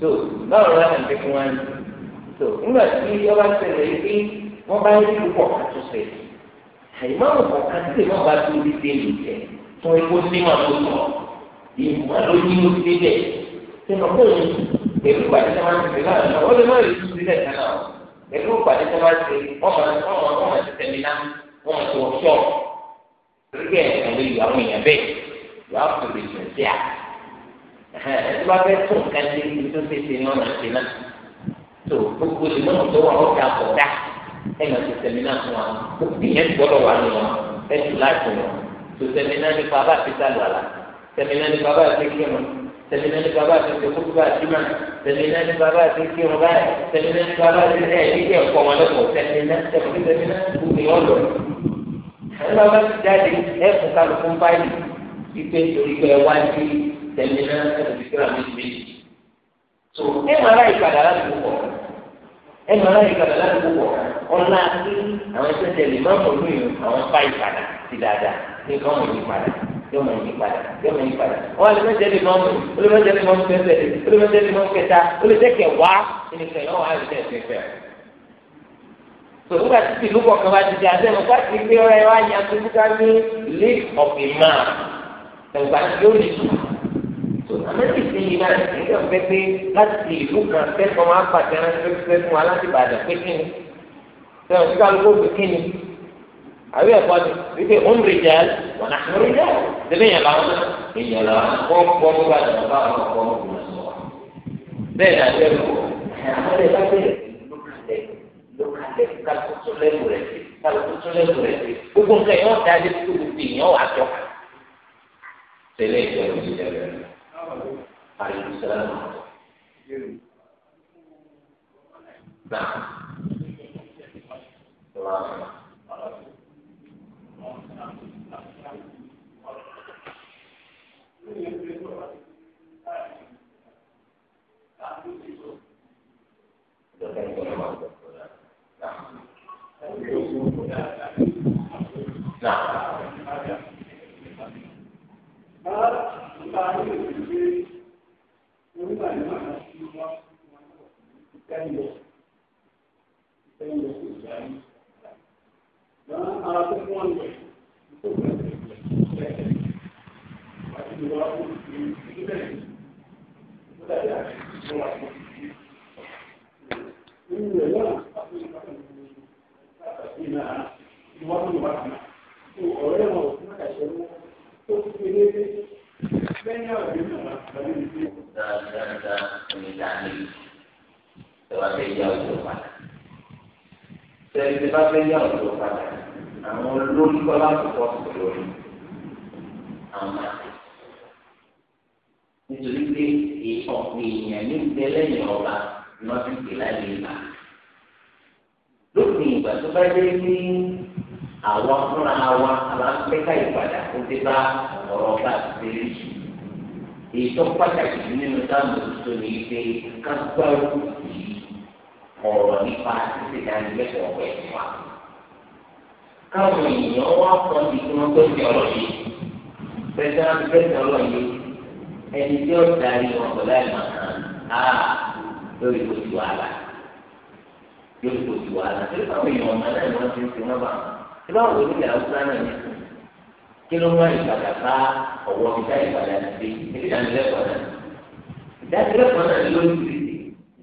tó báwo la ń fi fún wa ni tó nígbà tí ọba ṣẹlẹ̀ yìí pé wọ́n bá ń rí púpọ̀ àtúnṣe àyè fún epo nímọ̀ tó sọ ìmọ̀ ló ní o ti dẹ̀ sínú fóun pẹ̀lú ìpàdé tí wọ́n ti fi láàrin náà wọ́n lè má rí tuntun sílẹ̀ kan náà pẹ̀lú ìpàdé tí wọ́n ti wọ́n máa wọ́n máa ti tẹ̀lé náà wọ́n máa ti wọ́n sọ̀ lórí ẹ̀sìn lè yọ àwọn èèyàn bẹ́ẹ̀ yọ àpòlù ìsìn sí à ẹ̀sìn bá fẹ́ tún nǹkan ṣe ibi tó ṣe ṣe náà ṣe náà tó gbogbo ìmọ̀ràn tó wà ọ̀gá àkọ́dá ẹ̀ máa ti tẹ̀lé náà fún wa ó tó sẹmínà nípa bá ti sálù àlà sẹmínà nípa bá ti kírun sẹmínà nípa bá ti sèkú bá ti mà sẹmínà nípa bá ti kírun báyìí sẹmínà nípa bá ti ẹ nígbà ẹ̀kọ́ wọn lọ́pọ̀ sẹmínà sẹmínà sẹmínà kú ni wọn lọ. ẹnlá bá ti jáde ẹkùn kálukú báyìí ipe torí pé wá sí sẹmínà sẹmínà kíra méjì méjì. tó ẹ máa ráyè padà láti púpọ̀ ẹ máa ráyè padà láti púpọ̀ ọ̀la àwọn ẹsẹ̀ tẹ̀lé má mọ̀ lóyún àwọn fáyì padà sí dáadáa nǹkan mọ̀ yípadà yóò mọ̀ yípadà yóò mọ̀ yípadà wọn lè mẹ́jẹ lè mọ́ mi ó lè mẹ́jẹ lè mọ́ mi fẹ́fẹ́ ó lè mẹ́jẹ lè mọ́ mi kẹta ó lè tẹ́kẹ̀ wá nìkan yóò wá àlùfẹ́ fẹ́fẹ́ tòun gbàtí tìlú kọ̀ọ̀kan wá ti di àtẹnu káàkiri pé ọ̀rẹ́ wa ní akéwìká ní league of imam ẹ̀gbà yóò lè tù tó amẹ́tì sí yìí náà nígbà pé pé láti ìlú kan kẹ́kọ̀ọ́ máa ń pàtẹ́ ránṣẹ́ fún wa láti Ìbàdàn pé kíni tẹ̀wọ̀n kíkà ló kó fi kíni àbí ẹ̀kọ́ ni wípé ó ń rí jẹ́ wọn náà ń rí jẹ́ sílẹ̀ yẹn làwọn èèyàn làwọn kọ́ pọ́ bó bá jẹ́ bá wọn kọ́ ọ́ bẹ́ẹ̀ ni àjẹ́ lò àwọn ẹ̀ka bẹ̀rẹ̀ lókàlẹ̀ lókàlẹ̀ kálukú tún lẹ́nu rẹ̀ kálukú tún lẹ́nu rẹ̀ gbogbo nǹkan yẹn wọ́n da dé tó gbogbo èèyàn wà jọ sílẹ̀ ìjọba ìjọba àyùsọ̀rọ̀ náà. Nah. àwọn fúnra wa àbá ń pẹ́ka ìpadà tó ti bá ọ̀rọ̀ bá ti rí jù. ètò pàtàkì nínú dáàmú tó ní ife kágbárù yìí ọ̀rọ̀ nípa títí dánilẹ́kọ̀ọ́ pẹ̀lú wa. káwọn èèyàn wá kọ́ ní kí wọ́n tó ti ọ̀rọ̀ yìí pẹ̀sẹ̀ láti pẹ̀sẹ̀ ọ̀rọ̀ yìí ẹni tí ó darí wọn pẹ̀lú àìmọ̀ kan á lórí kò sí wàhálà lórí kò sí wàhálà torí káwọn èèyàn ọ̀nà ni wọ́n ti ń sin náà báwọn báwo ni ilẹ̀ haúsá náà ní kí ló máa ìpadà bá ọ̀wọ́ ìdá ìpadà sí ìdánilẹ́kọ̀ọ́ náà ìdánilẹ́kọ̀ọ́ náà ló ń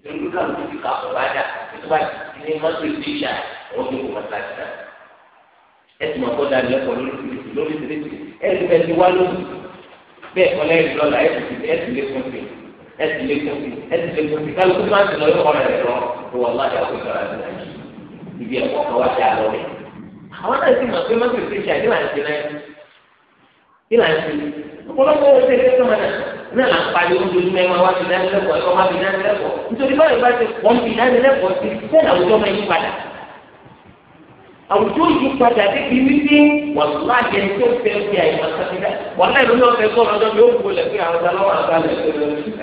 tì nítorí káwọn ti kà ọ̀ bá dà nígbà tí ní mọ́tò ìdíjà wọ́n ti kò mọ́tò àti náà ẹ̀sìn mọ́tò dánilẹ́kọ̀ọ́ lórí tìrìtì ẹ̀sìn bẹ́ẹ̀ ti wá lónìí bẹ́ẹ̀ kọ́lẹ́ ìlọ́la ẹ̀sìn lé fún mi ẹ̀sìn lé fún mi ẹ̀sìn lé fún mi kálukú máa ń sìn lọ́yọ́ kọ́ra rẹ̀ lọ àwọn náà sì mọ̀ pé mọ́tò ti ṣe àdéhùn àti náà kí là ń ṣe ọ̀pọ̀lọpọ̀ owó ṣe ṣe sọ́mọ náà náà là ń pariwo lójú mẹ́wàá wá fi dání lẹ́kọ̀ọ́ ẹ̀kọ́ má fi dání lẹ́kọ̀ọ́ nítorí báyìí bá ti wọ́n fi dání lẹ́kọ̀ọ́ sí bẹ́ẹ̀ àwùjọ máa yí padà àwùjọ yí padà débi wípé wàhálà yẹn tó fẹ́ fi àyèmọ̀ sáfídà wàhálà ìlú náà fẹ́ sọ̀rọ̀ ọjọ́ yóò wù lẹ́fẹ́ àwọn ọ̀dàlọ́wọ́ àgbàlẹ̀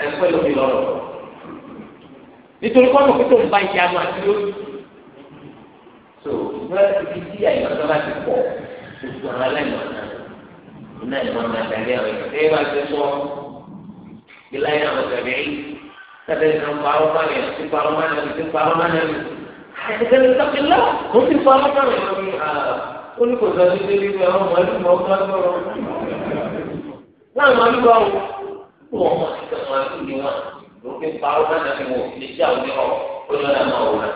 ẹ̀fẹ́ lómi lọ́rọ̀ nítorí kọ́nù pípọ̀ ń bá ìyá máa ti lórí tó ìjọba ti fi sí tó bá ti pọ̀ gbogbo àwọn aláìmọ̀ náà iná ìmọ̀ náà tàbí àwọn èèyàn bá ti sọ ìláyà àwọn tàbí ẹ̀yìn tàbí ẹ̀sìn àwọn máa yẹn ti parọ́ máa yẹn ti parọ́ máa yẹn ẹ̀sìn ìtàkìlá ó ti parọ́ máa yẹn lórí ó ní kò sọ sí débi pé àwọn màálùmọ̀ ọ̀gá sọ̀rọ̀ láwọn màálùmọ̀ ọ̀hún wọ́n mọ̀ sí àwọn màálùmọ̀ wọn ló fi parọ́ máa yẹn wọ̀ ní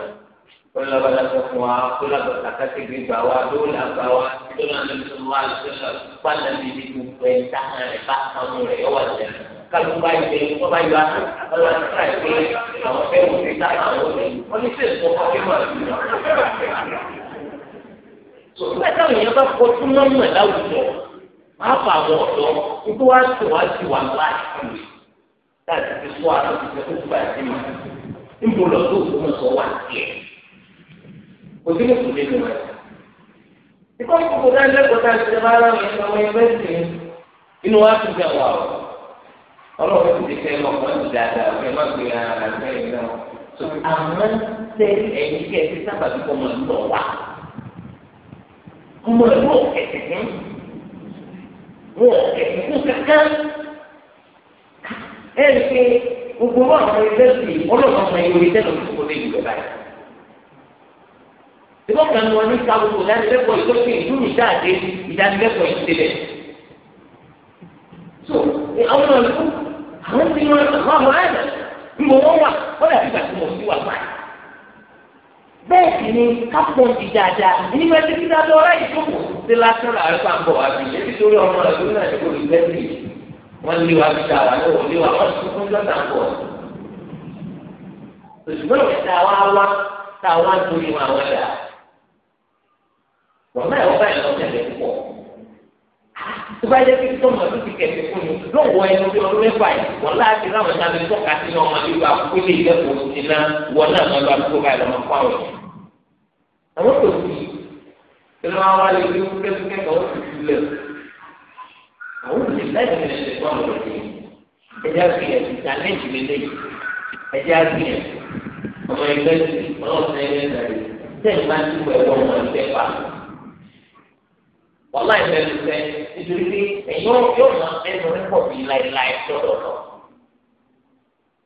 olùlọ́gbàdà tó fún wa olùlọ́gbàdà kátìgbì gbà wá dóòlà gbà wá dóòlà níbi tó wà lọ́sọ̀lọ́ pàlà níbi tó pẹ́ táwọn rẹ̀ bá kanú rẹ̀ yọ wà jẹ́ kálukú bá yẹ kó bá yọ àwọn àtúntà pé àwọn fẹ́ wò sí táwọn àwọn ọ̀rẹ́ wọn ní sèé fún ọkọ kéwà lùdọ̀. sọ̀tún ẹ̀ka òyìnbó bá kọ tún mọ́mọ́ láwùjọ máa fà wọ̀ ọ̀dọ́ nítorí wàá tó wàá ti wà láàyè láti fi sọ àtúntò tó ti bàjẹ́ mi níbo lọ́dún òṣùwọ̀n sọ wà tiẹ̀ òbí lè kúlẹ̀ nínú ẹ̀. Ìkọ́ ìkókò náà lẹ́kọ̀ọ́ tá a ti máa rán ìyẹn lọ́wọ́ ẹgbẹ́ sí i. Inú wa ti dẹ̀ wà o. Ọlọ́run ti di kẹ́ ọkọ̀ ní dáadáa ọ̀fẹ́ má gbé ara rẹ̀ sẹ́yìn náà. Sọ àmọ́ ṣe ẹ̀yìn kí ẹ ti sábà bí kọ́ máa lọ wá. Ọmọ ìlú ọ̀kẹ̀kẹ̀ kún. Wọ́n ọ̀kẹ̀kẹ̀ kún kankan. Ẹ rí i pé àwọn ẹgbẹ́ sí i, ọlọ́run ọmọ ìwé ìbọn kan ni wọn ní káwọsọ ìdánilẹ́kọ̀ọ́ ìtọ́sí ìlú mi dáadé ìdánilẹ́kọ̀ọ́ ìtẹlẹ. so àwọn náà ló àwọn ti wọn àwọn àwọn àná ń bọ wọn wà wọn dàbí ìgbà tí mo ti wà báyìí. bẹ́ẹ̀ sì ni kápọ̀ ti dáadáa ní bẹ́ẹ̀ ti dídá tó ọ̀rá ìjókòó ti lásán rà rẹ̀ pàǹbọ̀ wá bí ẹbí torí ọmọ rẹ̀ lórí náà ìjókòó ìgbẹ́ sí wọn lé wa bí dáwà wa wọ́n náà wọ́n báyìí lọ́sẹ̀ lè pọ̀ tó bá yẹ kí tó mọ̀ tó ti kẹ̀kẹ́ fún mi lọ́wọ́ ẹni bí ọdún mẹ́fà yìí wọ́n láti láwọn sábẹ́ tọ́ka sí ọmọ ìlú àkókòlè ìlẹ́kùn ti ná wọ́n náà lọ́ lọ́ àdúgbò báyìí lọ́mọ fún àwọn yìí. àwọn kò sí ìlú àwọn alẹ́ ìlú kẹ́kẹ́ kan ó ti ti lẹ̀ àwọn òbí láti lè ṣe fún àwọn òbí ẹjẹ́ àgbìyànjú tàlẹ́ǹtì lélẹ́yìn ẹjẹ́ àgbìyànjú ọmọ ẹgbẹ́ wàhálà ìbẹ̀rù sẹ́ nítorí pé ẹ̀yọ́ yóò mọ ẹnu rẹ̀ pọ̀ bí láìláì tọ̀tọ̀tọ̀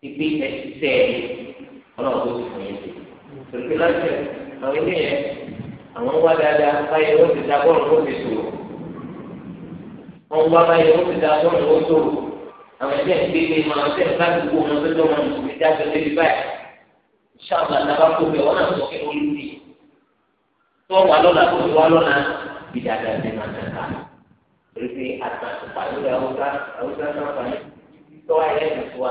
ìgbé ẹ̀sì sẹ́ ẹ̀ ọlọ́run tó ti fún yín sí torí pé láti àwọn ilé yẹn àwọn wá dáadáa báyìí wọ́n ti da bọ́ọ̀lù ó ti sòrò wọ́n wá báyìí wọ́n ti da bọ́ọ̀lù ó sòrò àwọn ẹgbẹ́ ìgbégbé máa ń tẹ̀ láti gbó wọn tó tó wọn ìgbéjáde débi báyìí ṣáà tó wà lọ́la tó wà lọ́la ìdàgbà ti máa nà ká torí pé àtàkùn pàdé ọ̀gá ọ̀gá náà pàdé tó wà lẹ́yìn tó